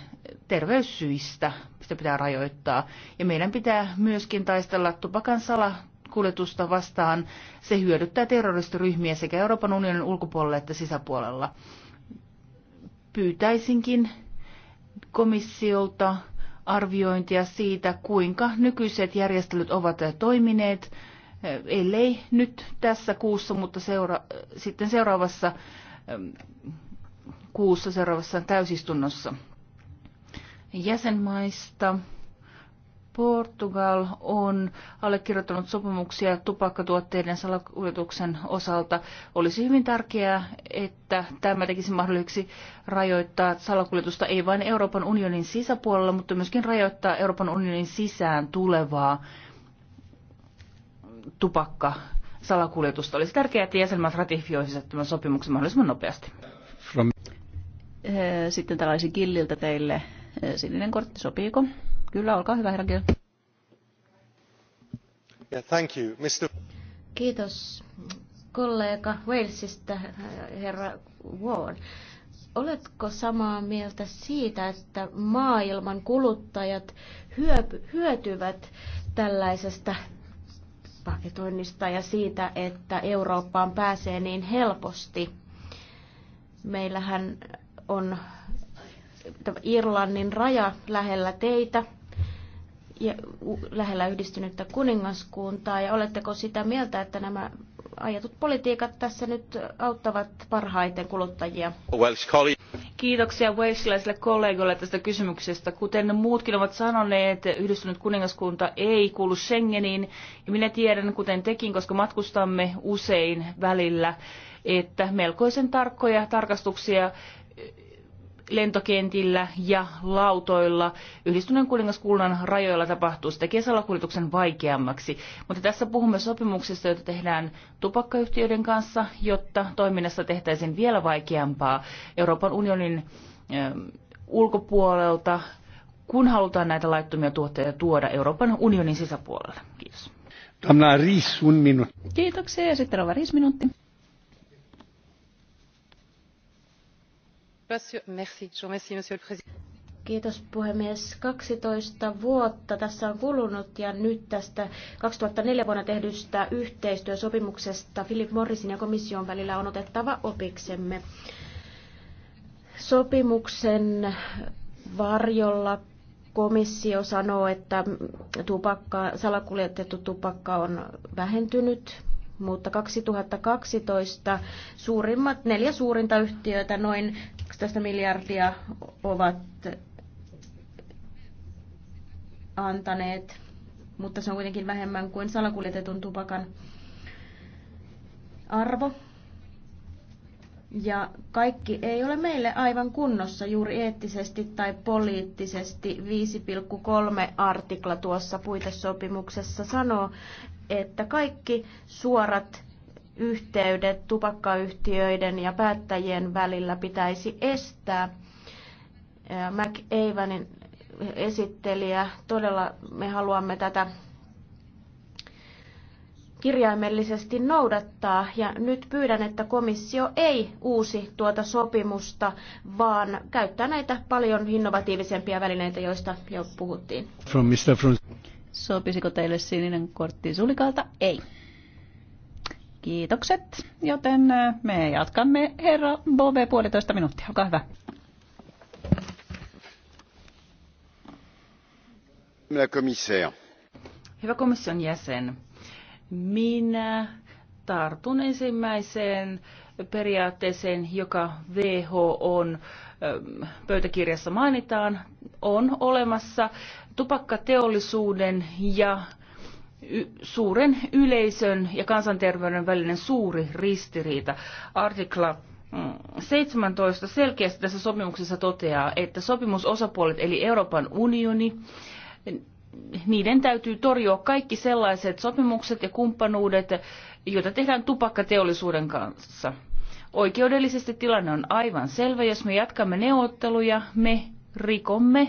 terveyssyistä. Sitä pitää rajoittaa. Ja meidän pitää myöskin taistella tupakan sala kuljetusta vastaan. Se hyödyttää terroristiryhmiä sekä Euroopan unionin ulkopuolella että sisäpuolella pyytäisinkin komissiolta arviointia siitä, kuinka nykyiset järjestelyt ovat toimineet, ellei nyt tässä kuussa, mutta seura- sitten seuraavassa ähm, kuussa seuraavassa täysistunnossa jäsenmaista Portugal on allekirjoittanut sopimuksia tupakkatuotteiden salakuljetuksen osalta. Olisi hyvin tärkeää, että tämä tekisi mahdolliseksi rajoittaa salakuljetusta ei vain Euroopan unionin sisäpuolella, mutta myöskin rajoittaa Euroopan unionin sisään tulevaa tupakka salakuljetusta. Olisi tärkeää, että jäsenmaat ratifioisivat tämän sopimuksen mahdollisimman nopeasti. From... Sitten tällaisen killiltä teille eh, sininen kortti, sopiiko? Kyllä, olkaa hyvä, herra Gill. Yeah, thank you. Mr. Kiitos kollega Walesista, herra Ward. Oletko samaa mieltä siitä, että maailman kuluttajat hyötyvät tällaisesta paketoinnista ja siitä, että Eurooppaan pääsee niin helposti? Meillähän on Irlannin raja lähellä teitä ja lähellä yhdistynyttä kuningaskuntaa ja oletteko sitä mieltä, että nämä ajatut politiikat tässä nyt auttavat parhaiten kuluttajia? Kiitoksia walesilaisille kollegoille tästä kysymyksestä. Kuten muutkin ovat sanoneet, yhdistynyt kuningaskunta ei kuulu Schengeniin. Ja minä tiedän, kuten tekin, koska matkustamme usein välillä, että melkoisen tarkkoja tarkastuksia lentokentillä ja lautoilla yhdistyneen kuningaskunnan rajoilla tapahtuu. Se tekee salakuljetuksen vaikeammaksi. Mutta tässä puhumme sopimuksesta, jota tehdään tupakkayhtiöiden kanssa, jotta toiminnassa tehtäisiin vielä vaikeampaa Euroopan unionin ähm, ulkopuolelta, kun halutaan näitä laittomia tuotteita tuoda Euroopan unionin sisäpuolelle. Kiitos. Tämä Kiitoksia ja sitten Riis minuutti. Kiitos puhemies. 12 vuotta tässä on kulunut ja nyt tästä 2004 vuonna tehdystä yhteistyösopimuksesta Philip Morrisin ja komission välillä on otettava opiksemme. Sopimuksen varjolla komissio sanoo, että tupakka, salakuljetettu tupakka on vähentynyt mutta 2012 suurimmat, neljä suurinta yhtiötä, noin 12 miljardia, ovat antaneet, mutta se on kuitenkin vähemmän kuin salakuljetetun tupakan arvo. Ja kaikki ei ole meille aivan kunnossa juuri eettisesti tai poliittisesti. 5,3 artikla tuossa puitesopimuksessa sanoo, että kaikki suorat yhteydet tupakkayhtiöiden ja päättäjien välillä pitäisi estää. McAvanin esittelijä, todella me haluamme tätä kirjaimellisesti noudattaa. Ja nyt pyydän, että komissio ei uusi tuota sopimusta, vaan käyttää näitä paljon innovatiivisempia välineitä, joista jo puhuttiin. From Mr. From... Sopisiko teille sininen kortti Sulikalta? Ei. Kiitokset, joten me jatkamme herra Bove puolitoista minuuttia. Olkaa hyvä. Hyvä komission jäsen, minä tartun ensimmäiseen periaatteeseen, joka WHO on pöytäkirjassa mainitaan, on olemassa tupakkateollisuuden ja suuren yleisön ja kansanterveyden välinen suuri ristiriita. Artikla 17 mm, selkeästi tässä sopimuksessa toteaa, että sopimusosapuolet eli Euroopan unioni, niiden täytyy torjua kaikki sellaiset sopimukset ja kumppanuudet, joita tehdään tupakkateollisuuden kanssa. Oikeudellisesti tilanne on aivan selvä. Jos me jatkamme neuvotteluja, me rikomme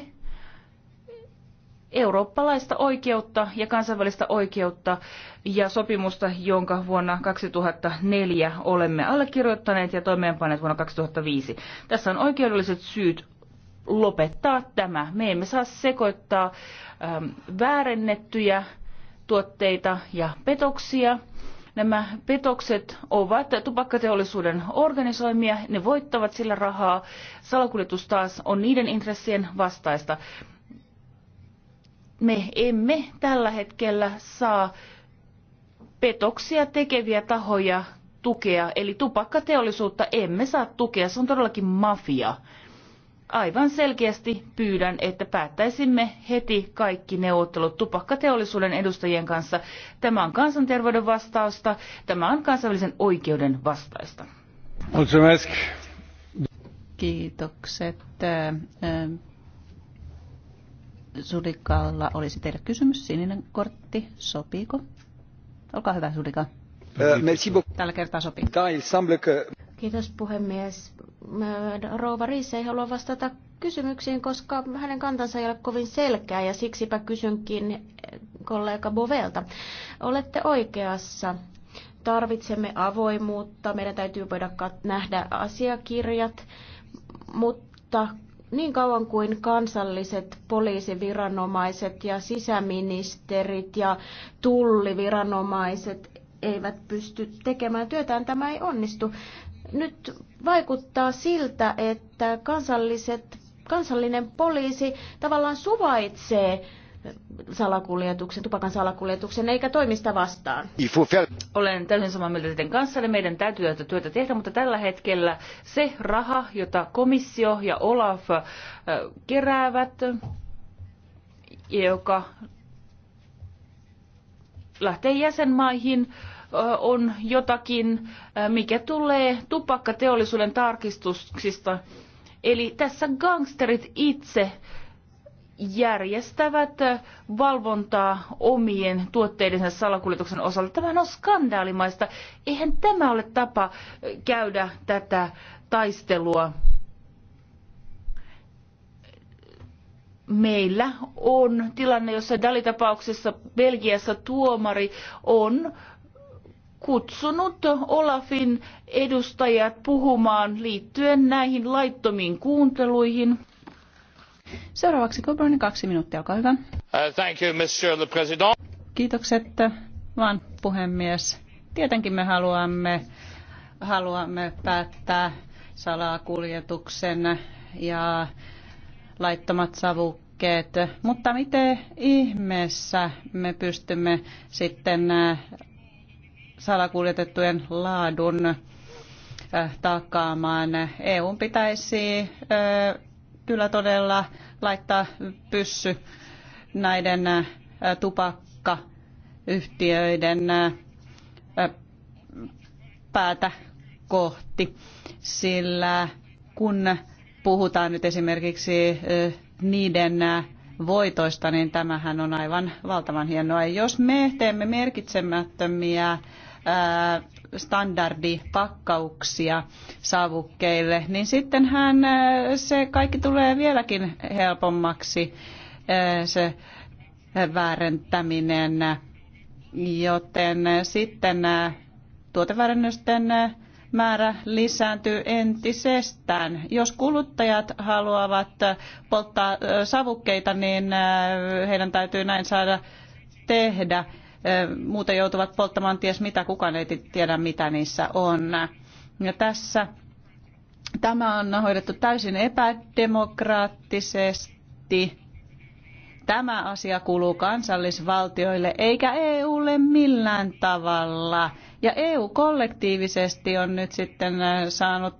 eurooppalaista oikeutta ja kansainvälistä oikeutta ja sopimusta, jonka vuonna 2004 olemme allekirjoittaneet ja toimeenpaneet vuonna 2005. Tässä on oikeudelliset syyt lopettaa tämä. Me emme saa sekoittaa äm, väärennettyjä tuotteita ja petoksia. Nämä petokset ovat tupakkateollisuuden organisoimia, ne voittavat sillä rahaa. Salakuljetus taas on niiden intressien vastaista me emme tällä hetkellä saa petoksia tekeviä tahoja tukea, eli tupakkateollisuutta emme saa tukea, se on todellakin mafia. Aivan selkeästi pyydän, että päättäisimme heti kaikki neuvottelut tupakkateollisuuden edustajien kanssa. Tämä on kansanterveyden vastausta, tämä on kansainvälisen oikeuden vastaista. Kiitokset. Sudikalla olisi teille kysymys, sininen kortti, sopiiko? Olkaa hyvä, Sudika. Äh, Tällä kertaa sopii. Kiitos puhemies. Rouva Riis ei halua vastata kysymyksiin, koska hänen kantansa ei ole kovin selkeä ja siksipä kysynkin eh, kollega Bovelta. Olette oikeassa. Tarvitsemme avoimuutta, meidän täytyy voida nähdä asiakirjat, mutta niin kauan kuin kansalliset poliisiviranomaiset ja sisäministerit ja tulliviranomaiset eivät pysty tekemään työtään, tämä ei onnistu. Nyt vaikuttaa siltä, että kansalliset, kansallinen poliisi tavallaan suvaitsee salakuljetuksen, tupakan salakuljetuksen eikä toimista vastaan. Olen täysin samaa mieltä teidän kanssanne. Meidän täytyy tätä työtä tehdä, mutta tällä hetkellä se raha, jota komissio ja Olaf keräävät, joka lähtee jäsenmaihin, on jotakin, mikä tulee tupakkateollisuuden tarkistuksista. Eli tässä gangsterit itse järjestävät valvontaa omien tuotteidensa salakuljetuksen osalta. Tämä on skandaalimaista. Eihän tämä ole tapa käydä tätä taistelua. Meillä on tilanne, jossa Dalitapauksessa Belgiassa tuomari on kutsunut Olafin edustajat puhumaan liittyen näihin laittomiin kuunteluihin. Seuraavaksi Coburnin kaksi minuuttia, olkaa hyvä. Uh, thank you, Mr. The President. Kiitokset, vaan puhemies. Tietenkin me haluamme, haluamme päättää salakuljetuksen ja laittomat savukkeet, mutta miten ihmeessä me pystymme sitten äh, salakuljetettujen laadun äh, takaamaan. EUn pitäisi äh, kyllä todella laittaa pyssy näiden äh, tupakkayhtiöiden äh, päätä kohti, sillä kun puhutaan nyt esimerkiksi äh, niiden voitoista, niin tämähän on aivan valtavan hienoa. Jos me teemme merkitsemättömiä standardipakkauksia savukkeille, niin sittenhän äh, se kaikki tulee vieläkin helpommaksi äh, se väärentäminen, joten äh, sitten tuoteväärennösten määrä lisääntyy entisestään. Jos kuluttajat haluavat polttaa savukkeita, niin heidän täytyy näin saada tehdä muuten joutuvat polttamaan ties mitä, kukaan ei tiedä mitä niissä on. Ja tässä tämä on hoidettu täysin epädemokraattisesti. Tämä asia kuuluu kansallisvaltioille eikä EUlle millään tavalla. Ja EU kollektiivisesti on nyt sitten saanut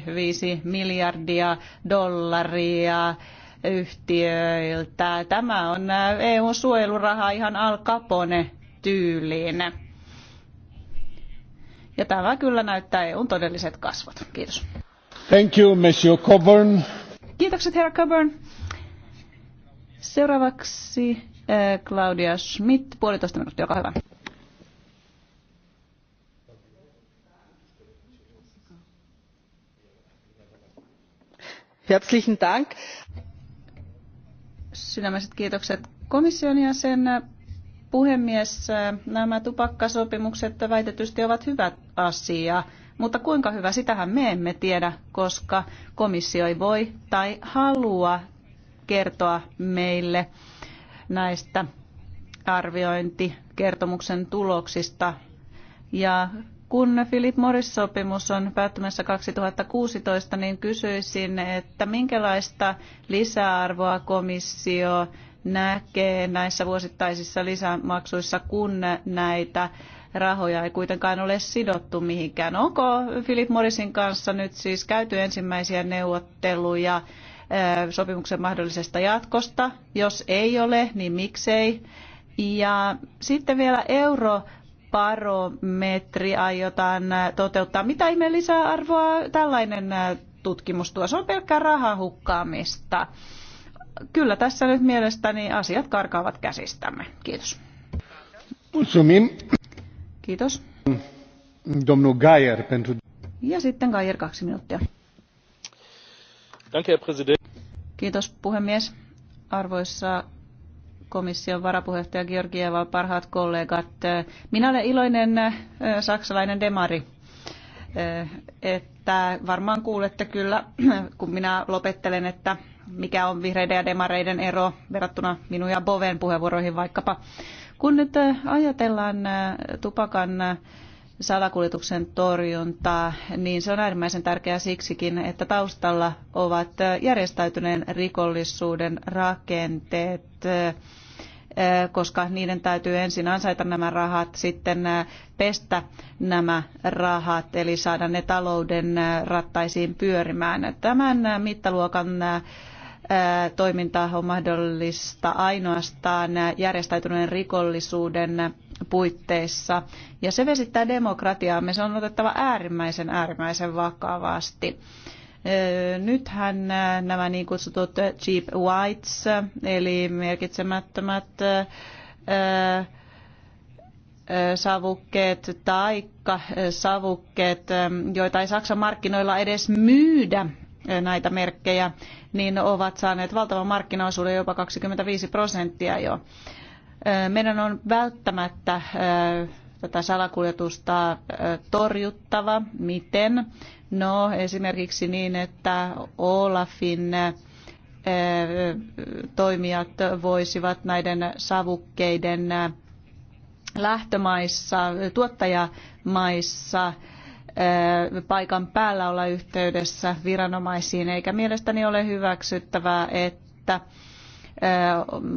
2,15 miljardia dollaria yhtiöiltä. Tämä on äh, EU-suojeluraha ihan Al Capone tyyliin. Ja tämä kyllä näyttää EUn todelliset kasvot. Kiitos. Thank you, Monsieur Coburn. Kiitokset, herra Coburn. Seuraavaksi äh, Claudia Schmidt, puolitoista minuuttia, olkaa hyvä. Herzlichen Dank Sydämiset kiitokset komission ja sen puhemies. Nämä tupakkasopimukset väitetysti ovat hyvä asia, mutta kuinka hyvä, sitähän me emme tiedä, koska komissio ei voi tai halua kertoa meille näistä arviointikertomuksen tuloksista. Ja kun Philip Morris-sopimus on päättymässä 2016, niin kysyisin, että minkälaista lisäarvoa komissio näkee näissä vuosittaisissa lisämaksuissa, kun näitä rahoja ei kuitenkaan ole sidottu mihinkään. Onko Philip Morrisin kanssa nyt siis käyty ensimmäisiä neuvotteluja sopimuksen mahdollisesta jatkosta? Jos ei ole, niin miksei? Ja sitten vielä euro barometri aiotaan toteuttaa. Mitä ihmeen lisäarvoa tällainen tutkimus tuo? Se on pelkkää rahahukkaamista. Kyllä tässä nyt mielestäni asiat karkaavat käsistämme. Kiitos. Mulțumim. Kiitos. Domnu Gaier pentru... Ja sitten Gaier kaksi minuuttia. Danke, Kiitos puhemies. Arvoisa komission varapuheenjohtaja Georgieva, parhaat kollegat. Minä olen iloinen saksalainen demari, että varmaan kuulette kyllä, <clears throat> kun minä lopettelen, että mikä on vihreiden ja demareiden ero verrattuna minun ja Boven puheenvuoroihin vaikkapa. Kun nyt ajatellaan tupakan salakuljetuksen torjuntaa, niin se on äärimmäisen tärkeää siksikin, että taustalla ovat järjestäytyneen rikollisuuden rakenteet, koska niiden täytyy ensin ansaita nämä rahat, sitten pestä nämä rahat, eli saada ne talouden rattaisiin pyörimään. Tämän mittaluokan toiminta on mahdollista ainoastaan järjestäytyneen rikollisuuden puitteissa. Ja se vesittää demokratiaamme, se on otettava äärimmäisen äärimmäisen vakavasti. Nythän äh, nämä niin kutsutut cheap whites, eli merkitsemättömät äh, äh, savukkeet tai savukkeet, ähm, joita ei Saksan markkinoilla edes myydä näitä merkkejä, niin ovat saaneet valtavan markkinaosuuden jopa 25 prosenttia jo. Meidän on välttämättä tätä salakuljetusta torjuttava. Miten? No esimerkiksi niin, että Olafin toimijat voisivat näiden savukkeiden lähtömaissa, tuottajamaissa paikan päällä olla yhteydessä viranomaisiin, eikä mielestäni ole hyväksyttävää, että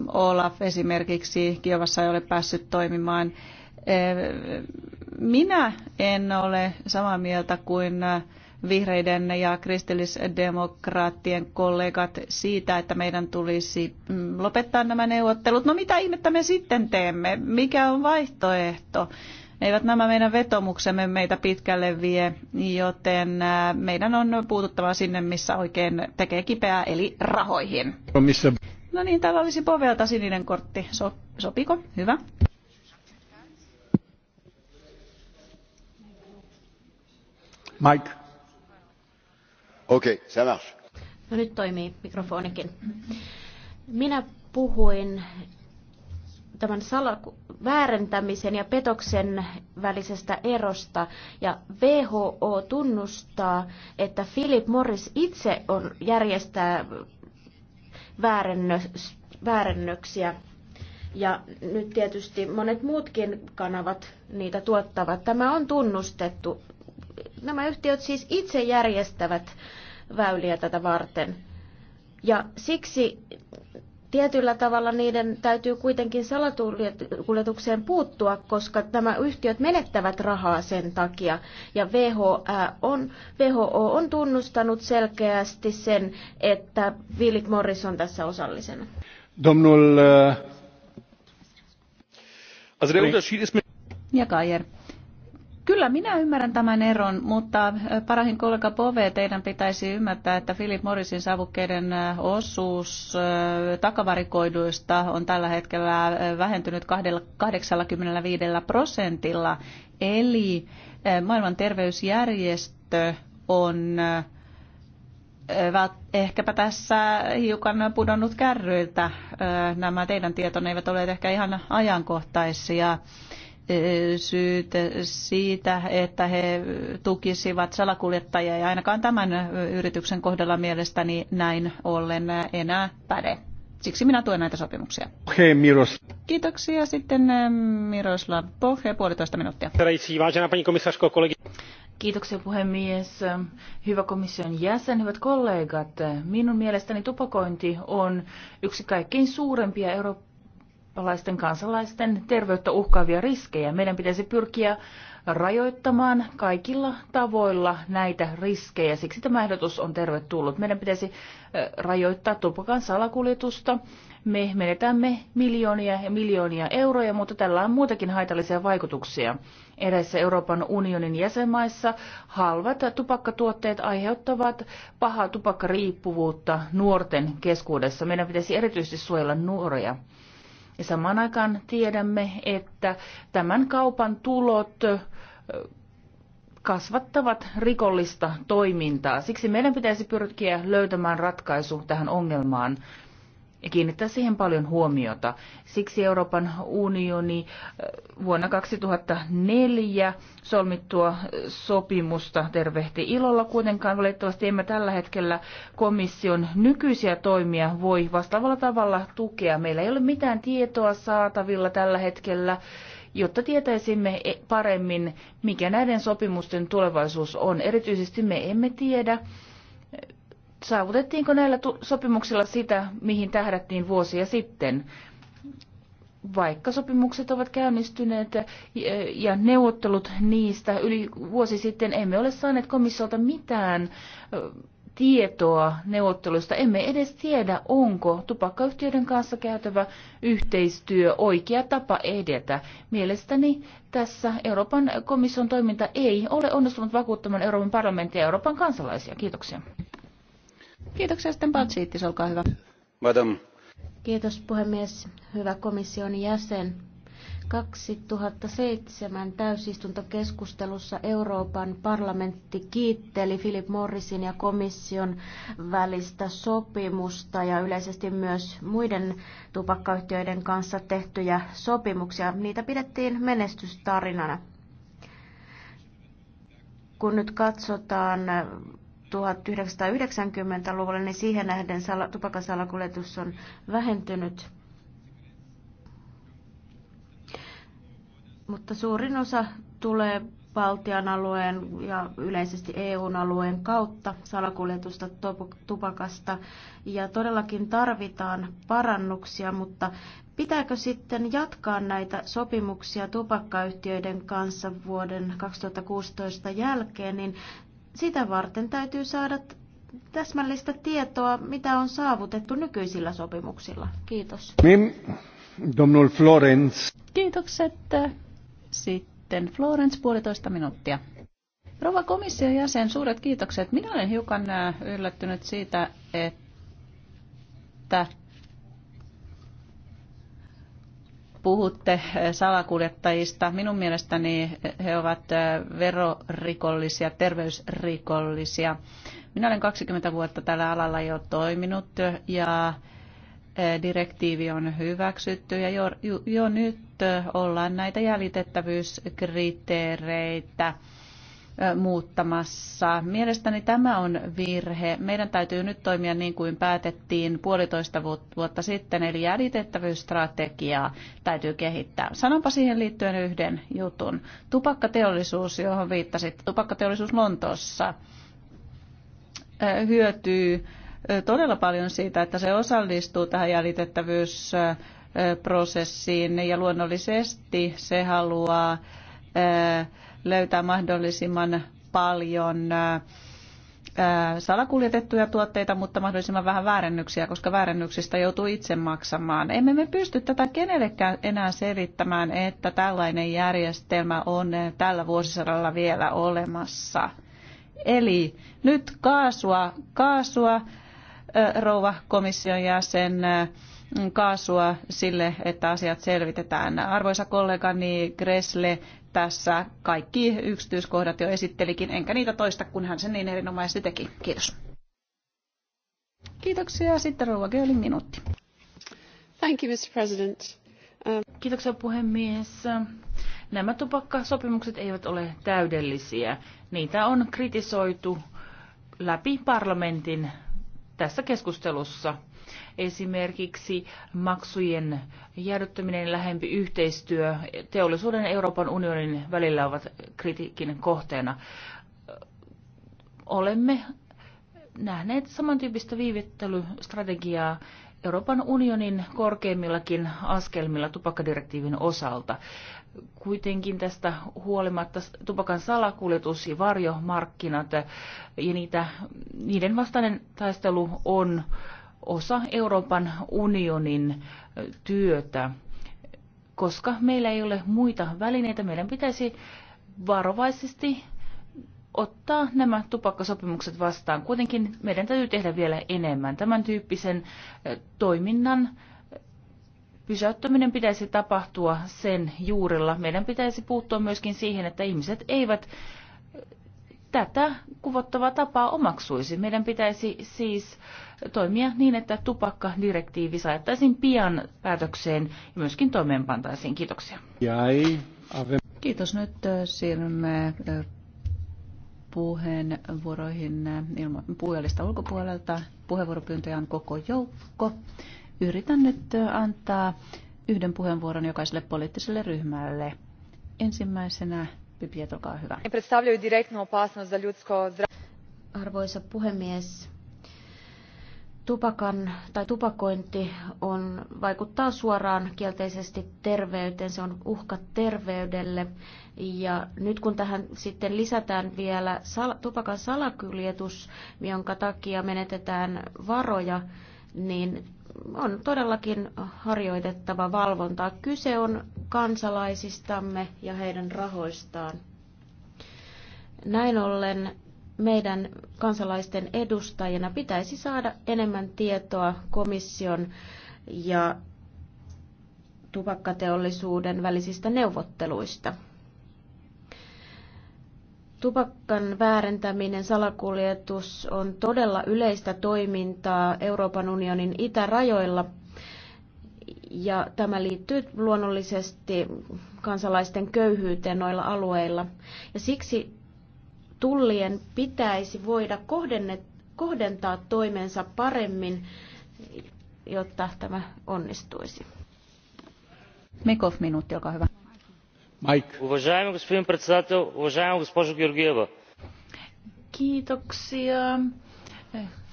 Olaf esimerkiksi Kiovassa ei ole päässyt toimimaan minä en ole samaa mieltä kuin vihreiden ja kristillisdemokraattien kollegat siitä, että meidän tulisi mm, lopettaa nämä neuvottelut. No mitä ihmettä me sitten teemme? Mikä on vaihtoehto? Eivät nämä meidän vetomuksemme meitä pitkälle vie, joten äh, meidän on puututtava sinne, missä oikein tekee kipeää, eli rahoihin. No, missä... no niin, täällä olisi Povelta sininen kortti. So- sopiko? Hyvä. Mike. Okei, se no nyt mikrofonikin. Minä puhuin tämän väärentämisen ja petoksen välisestä erosta. Ja WHO tunnustaa, että Philip Morris itse on järjestää väärennöksiä. Ja nyt tietysti monet muutkin kanavat niitä tuottavat. Tämä on tunnustettu nämä yhtiöt siis itse järjestävät väyliä tätä varten. Ja siksi tietyllä tavalla niiden täytyy kuitenkin salatuljetukseen puuttua, koska nämä yhtiöt menettävät rahaa sen takia. Ja WHO on, WHO on tunnustanut selkeästi sen, että Willik Morris on tässä osallisena. Domnul... Äh, ja Kajer. Kyllä minä ymmärrän tämän eron, mutta äh, parahin kollega Pove, teidän pitäisi ymmärtää, että Philip Morrisin savukkeiden äh, osuus äh, takavarikoiduista on tällä hetkellä vähentynyt 85 prosentilla. Eli maailman terveysjärjestö on ehkäpä tässä hiukan pudonnut kärryiltä. Nämä teidän tietonne eivät ole ehkä ihan ajankohtaisia syyte siitä, että he tukisivat salakuljettajia ja ainakaan tämän yrityksen kohdalla mielestäni näin ollen enää päde. Siksi minä tuen näitä sopimuksia. Okay, Miros. Kiitoksia. Sitten ähm, Miroslav Pohe, puolitoista minuuttia. Kiitoksia puhemies. Hyvä komission jäsen, hyvät kollegat. Minun mielestäni tupakointi on yksi kaikkein suurempia Euroopan eurooppalaisten kansalaisten terveyttä uhkaavia riskejä. Meidän pitäisi pyrkiä rajoittamaan kaikilla tavoilla näitä riskejä. Siksi tämä ehdotus on tervetullut. Meidän pitäisi rajoittaa tupakan salakuljetusta. Me menetämme miljoonia ja miljoonia euroja, mutta tällä on muutakin haitallisia vaikutuksia. Eräissä Euroopan unionin jäsenmaissa halvat tupakkatuotteet aiheuttavat pahaa tupakkariippuvuutta nuorten keskuudessa. Meidän pitäisi erityisesti suojella nuoria. Ja saman aikaan tiedämme, että tämän kaupan tulot kasvattavat rikollista toimintaa. Siksi meidän pitäisi pyrkiä löytämään ratkaisu tähän ongelmaan kiinnittää siihen paljon huomiota. Siksi Euroopan unioni eh, vuonna 2004 solmittua sopimusta tervehti ilolla. Kuitenkaan valitettavasti emme tällä hetkellä komission nykyisiä toimia voi vastaavalla tavalla tukea. Meillä ei ole mitään tietoa saatavilla tällä hetkellä jotta tietäisimme e- paremmin, mikä näiden sopimusten tulevaisuus on. Erityisesti me emme tiedä, Saavutettiinko näillä sopimuksilla sitä, mihin tähdättiin vuosia sitten? Vaikka sopimukset ovat käynnistyneet eh, ja neuvottelut niistä yli vuosi sitten, emme ole saaneet komissiolta mitään eh, tietoa neuvotteluista. Emme edes tiedä, onko tupakkayhtiöiden kanssa käytävä yhteistyö oikea tapa edetä. Mielestäni tässä Euroopan komission toiminta ei ole onnistunut vakuuttamaan Euroopan parlamenttia ja Euroopan kansalaisia. Kiitoksia. Kiitoksia sitten Patsiittis, olkaa hyvä. Madam. Kiitos puhemies, hyvä komission jäsen. 2007 täysistuntokeskustelussa Euroopan parlamentti kiitteli Philip Morrisin ja komission välistä sopimusta ja yleisesti myös muiden tupakkayhtiöiden kanssa tehtyjä sopimuksia. Niitä pidettiin menestystarinana. Kun nyt katsotaan 1990-luvulla, niin siihen nähden sala, tupakasalakuljetus on vähentynyt. Mutta suurin osa tulee Baltian alueen ja yleisesti EUn alueen kautta salakuljetusta tupakasta. Ja todellakin tarvitaan parannuksia, mutta pitääkö sitten jatkaa näitä sopimuksia tupakkayhtiöiden kanssa vuoden 2016 jälkeen, niin sitä varten täytyy saada täsmällistä tietoa, mitä on saavutettu nykyisillä sopimuksilla. Kiitos. Domnul Florence. Kiitokset. Sitten Florence puolitoista minuuttia. Rova komission jäsen, suuret kiitokset. Minä olen hiukan yllättynyt siitä, että puhutte eh, salakuljettajista. Minun mielestäni eh, he ovat eh, verorikollisia, terveysrikollisia. Minä olen 20 vuotta tällä alalla jo toiminut ja direktiivi on hyväksytty ja jo, jo, jo nyt ollaan näitä jäljitettävyyskriteereitä muuttamassa. Mielestäni tämä on virhe. Meidän täytyy nyt toimia niin kuin päätettiin puolitoista vuotta sitten, eli jäljitettävyysstrategiaa täytyy kehittää. Sanonpa siihen liittyen yhden jutun. Tupakkateollisuus, johon viittasit, tupakkateollisuus Lontoossa hyötyy todella paljon siitä, että se osallistuu tähän jäljitettävyysprosessiin ja luonnollisesti se haluaa löytää mahdollisimman paljon salakuljetettuja tuotteita, mutta mahdollisimman vähän väärennyksiä, koska väärennyksistä joutuu itse maksamaan. Emme me pysty tätä kenellekään enää selittämään, että tällainen järjestelmä on tällä vuosisadalla vielä olemassa. Eli nyt kaasua, kaasua, rouva komission jäsen, kaasua sille, että asiat selvitetään. Arvoisa kollegani Gresle, tässä kaikki yksityiskohdat jo esittelikin, enkä niitä toista, kun hän sen niin erinomaisesti teki. Kiitos. Kiitoksia. Sitten Rouva Geolin minuutti. Thank you, Mr. President. Um, Kiitoksia puhemies. Nämä tupakkasopimukset eivät ole täydellisiä. Niitä on kritisoitu läpi parlamentin tässä keskustelussa. Esimerkiksi maksujen jäädyttäminen lähempi yhteistyö teollisuuden ja Euroopan unionin välillä ovat kritiikin kohteena. Olemme nähneet samantyyppistä viivittelystrategiaa Euroopan unionin korkeimmillakin askelmilla tupakkadirektiivin osalta. Kuitenkin tästä huolimatta tupakan salakuljetus ja varjomarkkinat ja niitä, niiden vastainen taistelu on äh, osa Euroopan unionin työtä. Koska meillä ei ole muita välineitä, meidän pitäisi varovaisesti ottaa nämä tupakkasopimukset vastaan. Kuitenkin meidän täytyy tehdä vielä enemmän. Tämän tyyppisen toiminnan pysäyttäminen pitäisi tapahtua sen juurella. Meidän pitäisi puuttua myöskin siihen, että ihmiset eivät tätä kuvottavaa tapaa omaksuisi. Meidän pitäisi siis äh, toimia niin, että tupakkadirektiivi saattaisiin pian päätökseen ja myöskin toimeenpantaisiin. Kiitoksia. Kiitos. Nyt äh, siirrymme äh, puheenvuoroihin äh, ilman puhujalista ulkopuolelta. Puheenvuoropyyntöjä on koko joukko. Yritän nyt antaa yhden puheenvuoron jokaiselle poliittiselle ryhmälle. Ensimmäisenä Pipiet, olkaa hyvä. Arvoisa puhemies, tupakan tai tupakointi on, vaikuttaa suoraan kielteisesti terveyteen, se on uhka terveydelle. Ja nyt kun tähän sitten lisätään vielä sal, tupakan salakuljetus, jonka takia menetetään varoja, niin on todellakin harjoitettava valvontaa. Kyse on kansalaisistamme ja heidän rahoistaan. Näin ollen meidän kansalaisten edustajina pitäisi saada enemmän tietoa komission ja tupakkateollisuuden välisistä neuvotteluista. Tupakkan väärentäminen, salakuljetus on todella yleistä toimintaa Euroopan unionin itärajoilla ja tämä liittyy luonnollisesti kansalaisten köyhyyteen noilla alueilla. Ja siksi tullien pitäisi voida kohdentaa toimensa paremmin, jotta tämä onnistuisi. Mikov, minuutti, olkaa hyvä. Mike. Kiitoksia.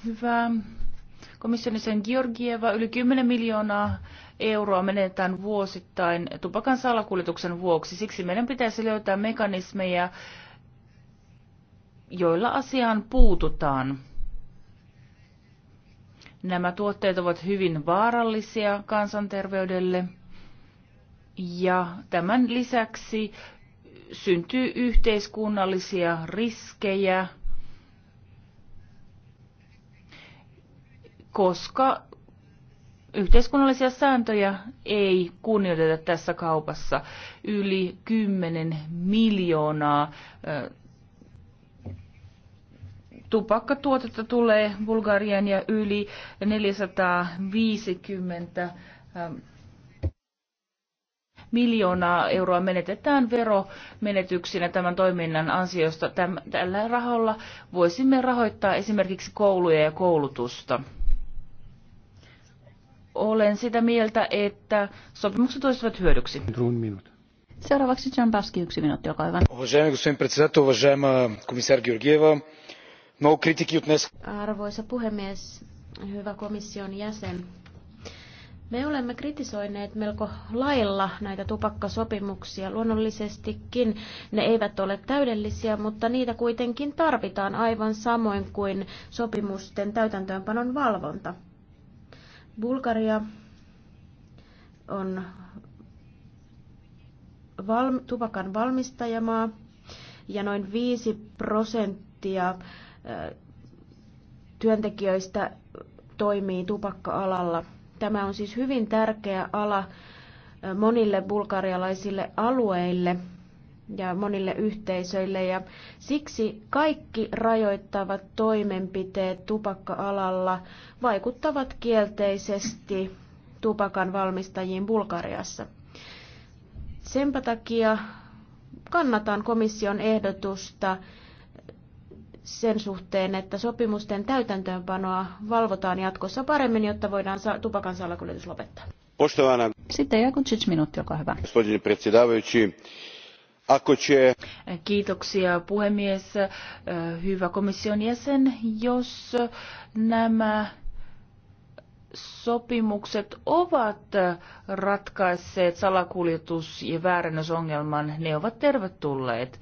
Hyvä. Komission sen Georgieva yli 10 miljoonaa euroa menetään vuosittain tupakan salakuljetuksen vuoksi. Siksi meidän pitäisi löytää mekanismeja, joilla asiaan puututaan. Nämä tuotteet ovat hyvin vaarallisia kansanterveydelle ja tämän lisäksi syntyy yhteiskunnallisia riskejä, koska yhteiskunnallisia sääntöjä ei kunnioiteta tässä kaupassa. Yli 10 miljoonaa tupakkatuotetta tulee Bulgarian ja yli 450 ähm, miljoonaa euroa menetetään veromenetyksinä tämän toiminnan ansiosta. Tällä rahalla voisimme rahoittaa esimerkiksi kouluja ja koulutusta. Olen sitä mieltä, että sopimukset olisivat hyödyksi. Seuraavaksi John Baski, yksi minuutti, olkaa hyvä. Уважаеми господин председател, уважаема комисар Георгиева, No Arvoisa puhemies, hyvä komission jäsen. Me olemme kritisoineet melko lailla näitä tupakkasopimuksia. Luonnollisestikin ne eivät ole täydellisiä, mutta niitä kuitenkin tarvitaan aivan samoin kuin sopimusten täytäntöönpanon valvonta. Bulgaria on val- tupakan valmistajamaa ja noin 5 prosenttia työntekijöistä toimii tupakka-alalla. Tämä on siis hyvin tärkeä ala monille bulgarialaisille alueille ja monille yhteisöille ja siksi kaikki rajoittavat toimenpiteet tupakka-alalla vaikuttavat kielteisesti tupakan valmistajiin Bulgariassa. Senpä takia kannatan komission ehdotusta sen suhteen, että sopimusten täytäntöönpanoa valvotaan jatkossa paremmin, jotta voidaan sa- tupakan salakuljetus lopettaa. Poštovana. Sitten Jakutsic minuutti, olkaa hyvä. Kiitoksia puhemies. Hyvä komission jäsen, jos nämä sopimukset ovat ratkaisseet salakuljetus- ja väärännösongelman, ne ovat tervetulleet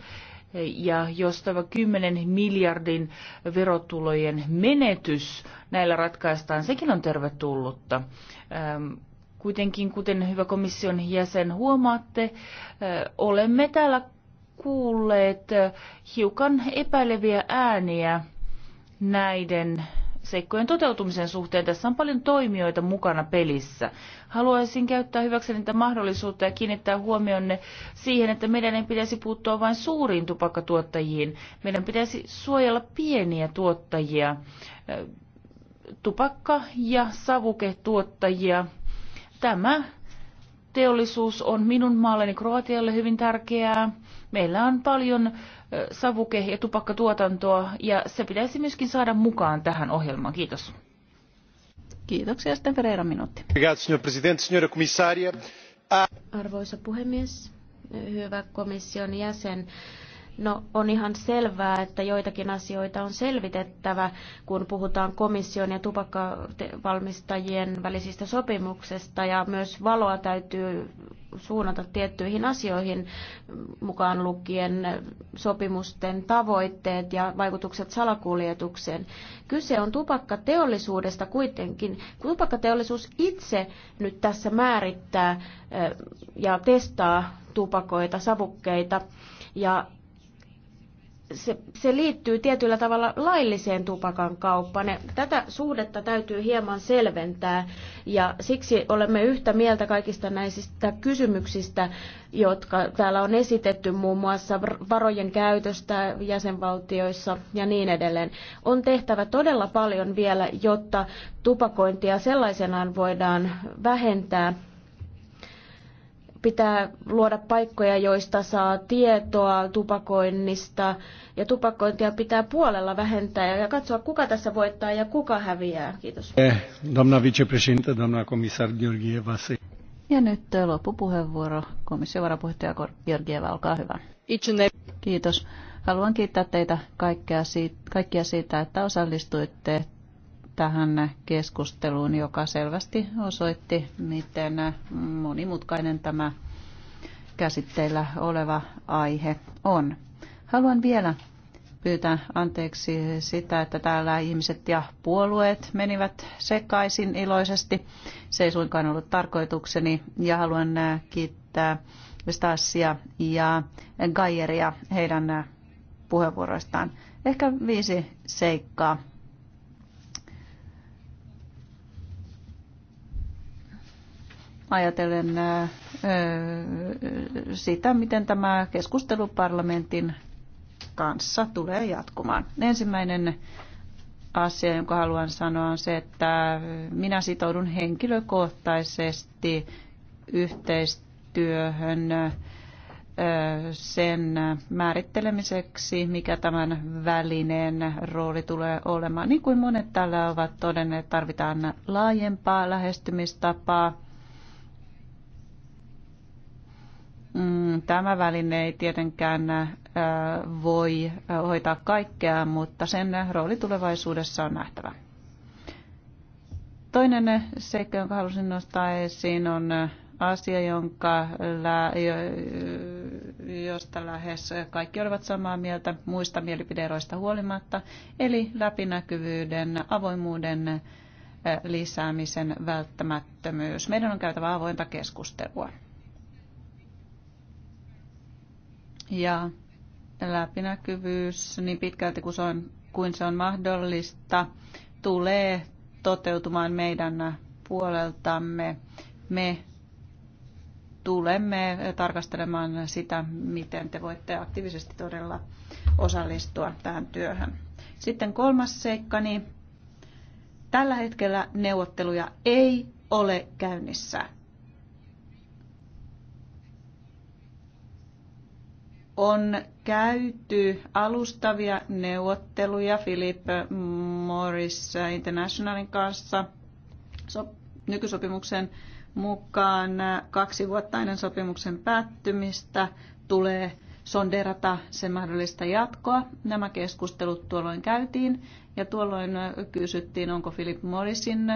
ja jos tämä 10 miljardin verotulojen menetys näillä ratkaistaan, sekin on tervetullutta. Ähm, kuitenkin, kuten hyvä komission jäsen huomaatte, äh, olemme täällä kuulleet hiukan epäileviä ääniä näiden seikkojen toteutumisen suhteen. Tässä on paljon toimijoita mukana pelissä. Haluaisin käyttää hyväkseni tätä mahdollisuutta ja kiinnittää huomionne siihen, että meidän ei pitäisi puuttua vain suuriin tupakkatuottajiin. Meidän pitäisi suojella pieniä tuottajia, äh, tupakka- ja savuketuottajia. Tämä teollisuus on minun maalleni Kroatialle hyvin tärkeää Meillä on paljon savuke- ja tupakkatuotantoa ja se pitäisi myöskin saada mukaan tähän ohjelmaan. Kiitos. Kiitoksia. Sitten Ferreira minuutti. Arvoisa puhemies, hyvä komission jäsen. No on ihan selvää, että joitakin asioita on selvitettävä, kun puhutaan komission ja tupakkavalmistajien välisistä sopimuksesta ja myös valoa täytyy suunnata tiettyihin asioihin, mukaan lukien sopimusten tavoitteet ja vaikutukset salakuljetukseen. Kyse on tupakkateollisuudesta kuitenkin. Tupakkateollisuus itse nyt tässä määrittää ja testaa tupakoita, savukkeita ja se, se liittyy tietyllä tavalla lailliseen tupakan kauppaan. tätä suhdetta täytyy hieman selventää ja siksi olemme yhtä mieltä kaikista näistä kysymyksistä, jotka täällä on esitetty muun muassa varojen käytöstä jäsenvaltioissa ja niin edelleen. On tehtävä todella paljon vielä, jotta tupakointia sellaisenaan voidaan vähentää Pitää luoda paikkoja, joista saa tietoa tupakoinnista ja tupakointia pitää puolella vähentää ja katsoa, kuka tässä voittaa ja kuka häviää. Kiitos. Eh, domna vicepresidenta, domna komissar Georgieva. Ja nyt loppupuheenvuoro. Komission varapuheenjohtaja Georgieva, olkaa hyvä. Kiitos. Haluan kiittää teitä kaikkia siitä, kaikkia siitä että osallistuitte tähän keskusteluun, joka selvästi osoitti, miten monimutkainen tämä käsitteillä oleva aihe on. Haluan vielä pyytää anteeksi sitä, että täällä ihmiset ja puolueet menivät sekaisin iloisesti. Se ei suinkaan ollut tarkoitukseni ja haluan äh, kiittää Stassia ja Gajeria heidän äh, puheenvuoroistaan. Ehkä viisi seikkaa ajatellen äh, äh, sitä, miten tämä keskustelu parlamentin kanssa tulee jatkumaan. Ensimmäinen asia, jonka haluan sanoa, on se, että minä sitoudun henkilökohtaisesti yhteistyöhön äh, sen määrittelemiseksi, mikä tämän välineen rooli tulee olemaan. Niin kuin monet täällä ovat todenneet, tarvitaan laajempaa lähestymistapaa Mm, tämä väline ei tietenkään äh, voi äh, hoitaa kaikkea, mutta sen rooli tulevaisuudessa on nähtävä. Toinen äh, seikka, jonka halusin nostaa esiin, on asia, jonka lä- josta lähes kaikki olivat samaa mieltä muista mielipideeroista huolimatta, eli läpinäkyvyyden, avoimuuden lisäämisen välttämättömyys. Meidän on käytävä avointa keskustelua. ja läpinäkyvyys niin pitkälti kuin se on, kuin se on mahdollista tulee toteutumaan meidän puoleltamme. Me tulemme tarkastelemaan sitä, miten te voitte aktiivisesti todella osallistua tähän työhön. Sitten kolmas seikka, niin tällä hetkellä neuvotteluja ei ole käynnissä on käyty alustavia neuvotteluja Philip Morris Internationalin kanssa nykysopimuksen mukaan kaksi vuotta ennen sopimuksen päättymistä tulee sonderata sen mahdollista jatkoa. Nämä keskustelut tuolloin käytiin ja tuolloin kysyttiin, onko Philip Morrisin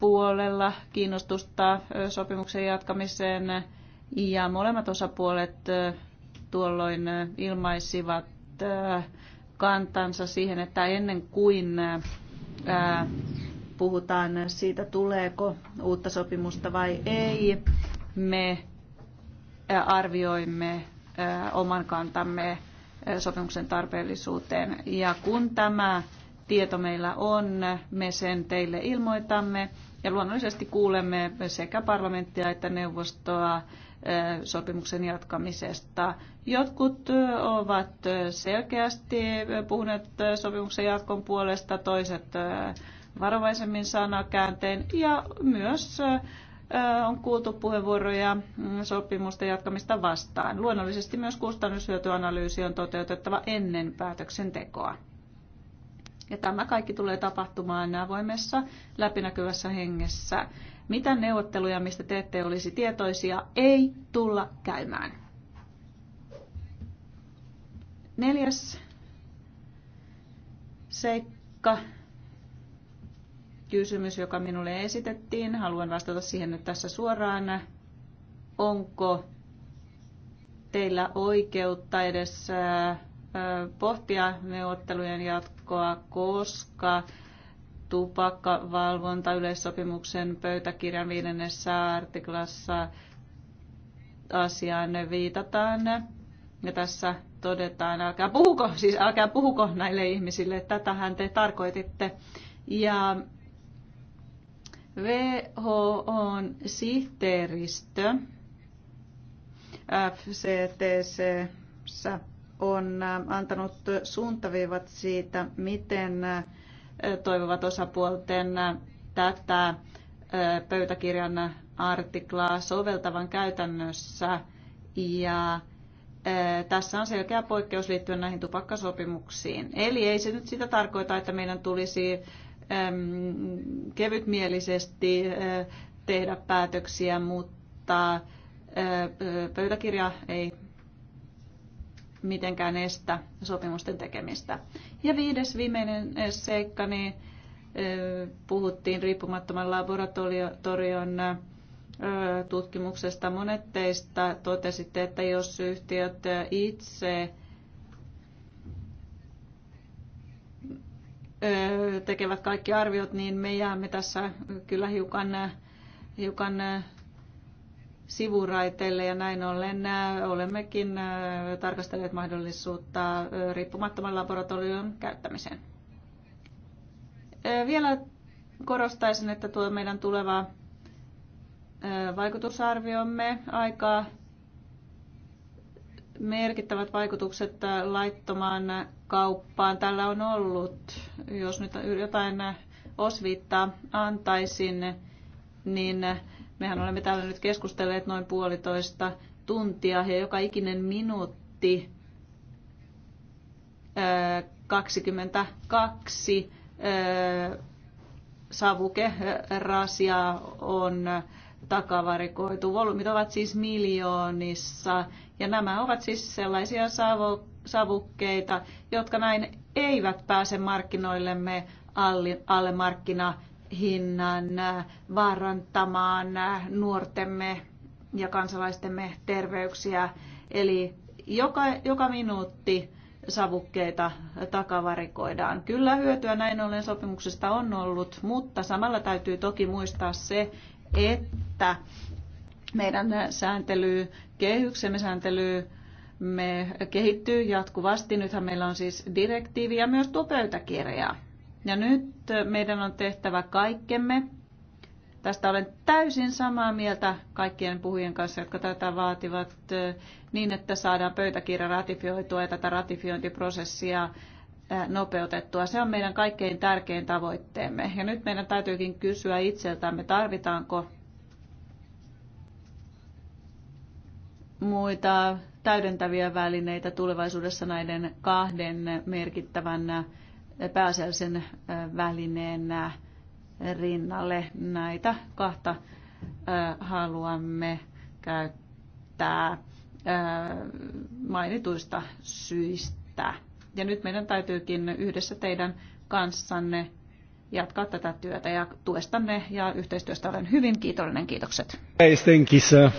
puolella kiinnostusta sopimuksen jatkamiseen ja molemmat osapuolet tuolloin ilmaisivat kantansa siihen, että ennen kuin puhutaan siitä, tuleeko uutta sopimusta vai ei, me arvioimme oman kantamme sopimuksen tarpeellisuuteen. Ja kun tämä tieto meillä on, me sen teille ilmoitamme ja luonnollisesti kuulemme sekä parlamenttia että neuvostoa sopimuksen jatkamisesta. Jotkut ovat selkeästi puhuneet sopimuksen jatkon puolesta, toiset varovaisemmin sanakääntein ja myös on kuultu puheenvuoroja mm, sopimusten jatkamista vastaan. Luonnollisesti myös kustannushyötyanalyysi on toteutettava ennen päätöksentekoa. Ja tämä kaikki tulee tapahtumaan avoimessa, läpinäkyvässä hengessä. Mitä neuvotteluja, mistä te ette olisi tietoisia, ei tulla käymään. Neljäs seikka, kysymys, joka minulle esitettiin. Haluan vastata siihen nyt tässä suoraan. Onko teillä oikeutta edes äh, pohtia neuvottelujen jatkoa, koska tupakkavalvonta yleissopimuksen pöytäkirjan viidennessä artiklassa asiaan viitataan. Ja tässä todetaan, älkää puhuko, siis älkää puhuko näille ihmisille, että tätähän te tarkoititte. Ja on sihteeristö FCTC on äh, antanut suuntaviivat siitä, miten äh, toivovat osapuolten äh, tätä pöytäkirjan artiklaa soveltavan käytännössä. Ja tässä on selkeä poikkeus liittyen näihin tupakkasopimuksiin. Eli ei se nyt sitä tarkoita, että meidän tulisi kevytmielisesti tehdä päätöksiä, mutta pöytäkirja ei mitenkään estä sopimusten tekemistä. Ja viides viimeinen eh, seikka, niin eh, puhuttiin riippumattoman laboratorion eh, tutkimuksesta. Monet teistä totesitte, että jos yhtiöt itse tekevät kaikki arviot, niin me jäämme tässä kyllä hiukan, hiukan sivuraiteille ja näin ollen äh, olemmekin äh, tarkastelleet mahdollisuutta äh, riippumattoman laboratorion käyttämiseen. Vielä korostaisin, että tuo meidän tuleva vaikutusarviomme aika merkittävät vaikutukset laittomaan kauppaan tällä on ollut. Jos nyt jotain osviittaa antaisin, niin Mehän olemme täällä nyt keskustelleet noin puolitoista tuntia ja joka ikinen minuutti 22 savukerasia on takavarikoitu. Volyymit ovat siis miljoonissa ja nämä ovat siis sellaisia savukkeita, jotka näin eivät pääse markkinoillemme alle markkina hinnan äh, vaarantamaan äh, nuortemme ja kansalaistemme terveyksiä. Eli joka, joka minuutti savukkeita takavarikoidaan. Kyllä hyötyä näin ollen sopimuksesta on ollut, mutta samalla täytyy toki muistaa se, että meidän sääntely, kehyksemme sääntely, me kehittyy jatkuvasti. Nythän meillä on siis direktiivi ja myös tuo pöytäkirja ja nyt meidän on tehtävä kaikkemme. Tästä olen täysin samaa mieltä kaikkien puhujien kanssa, jotka tätä vaativat, niin että saadaan pöytäkirja ratifioitua ja tätä ratifiointiprosessia nopeutettua. Se on meidän kaikkein tärkein tavoitteemme. Ja nyt meidän täytyykin kysyä itseltämme, tarvitaanko muita täydentäviä välineitä tulevaisuudessa näiden kahden merkittävän pääasiallisen välineen rinnalle. Näitä kahta haluamme käyttää mainituista syistä. Ja nyt meidän täytyykin yhdessä teidän kanssanne jatkaa tätä työtä ja tuestanne ja yhteistyöstä olen hyvin kiitollinen. Kiitokset. Kiitoksia.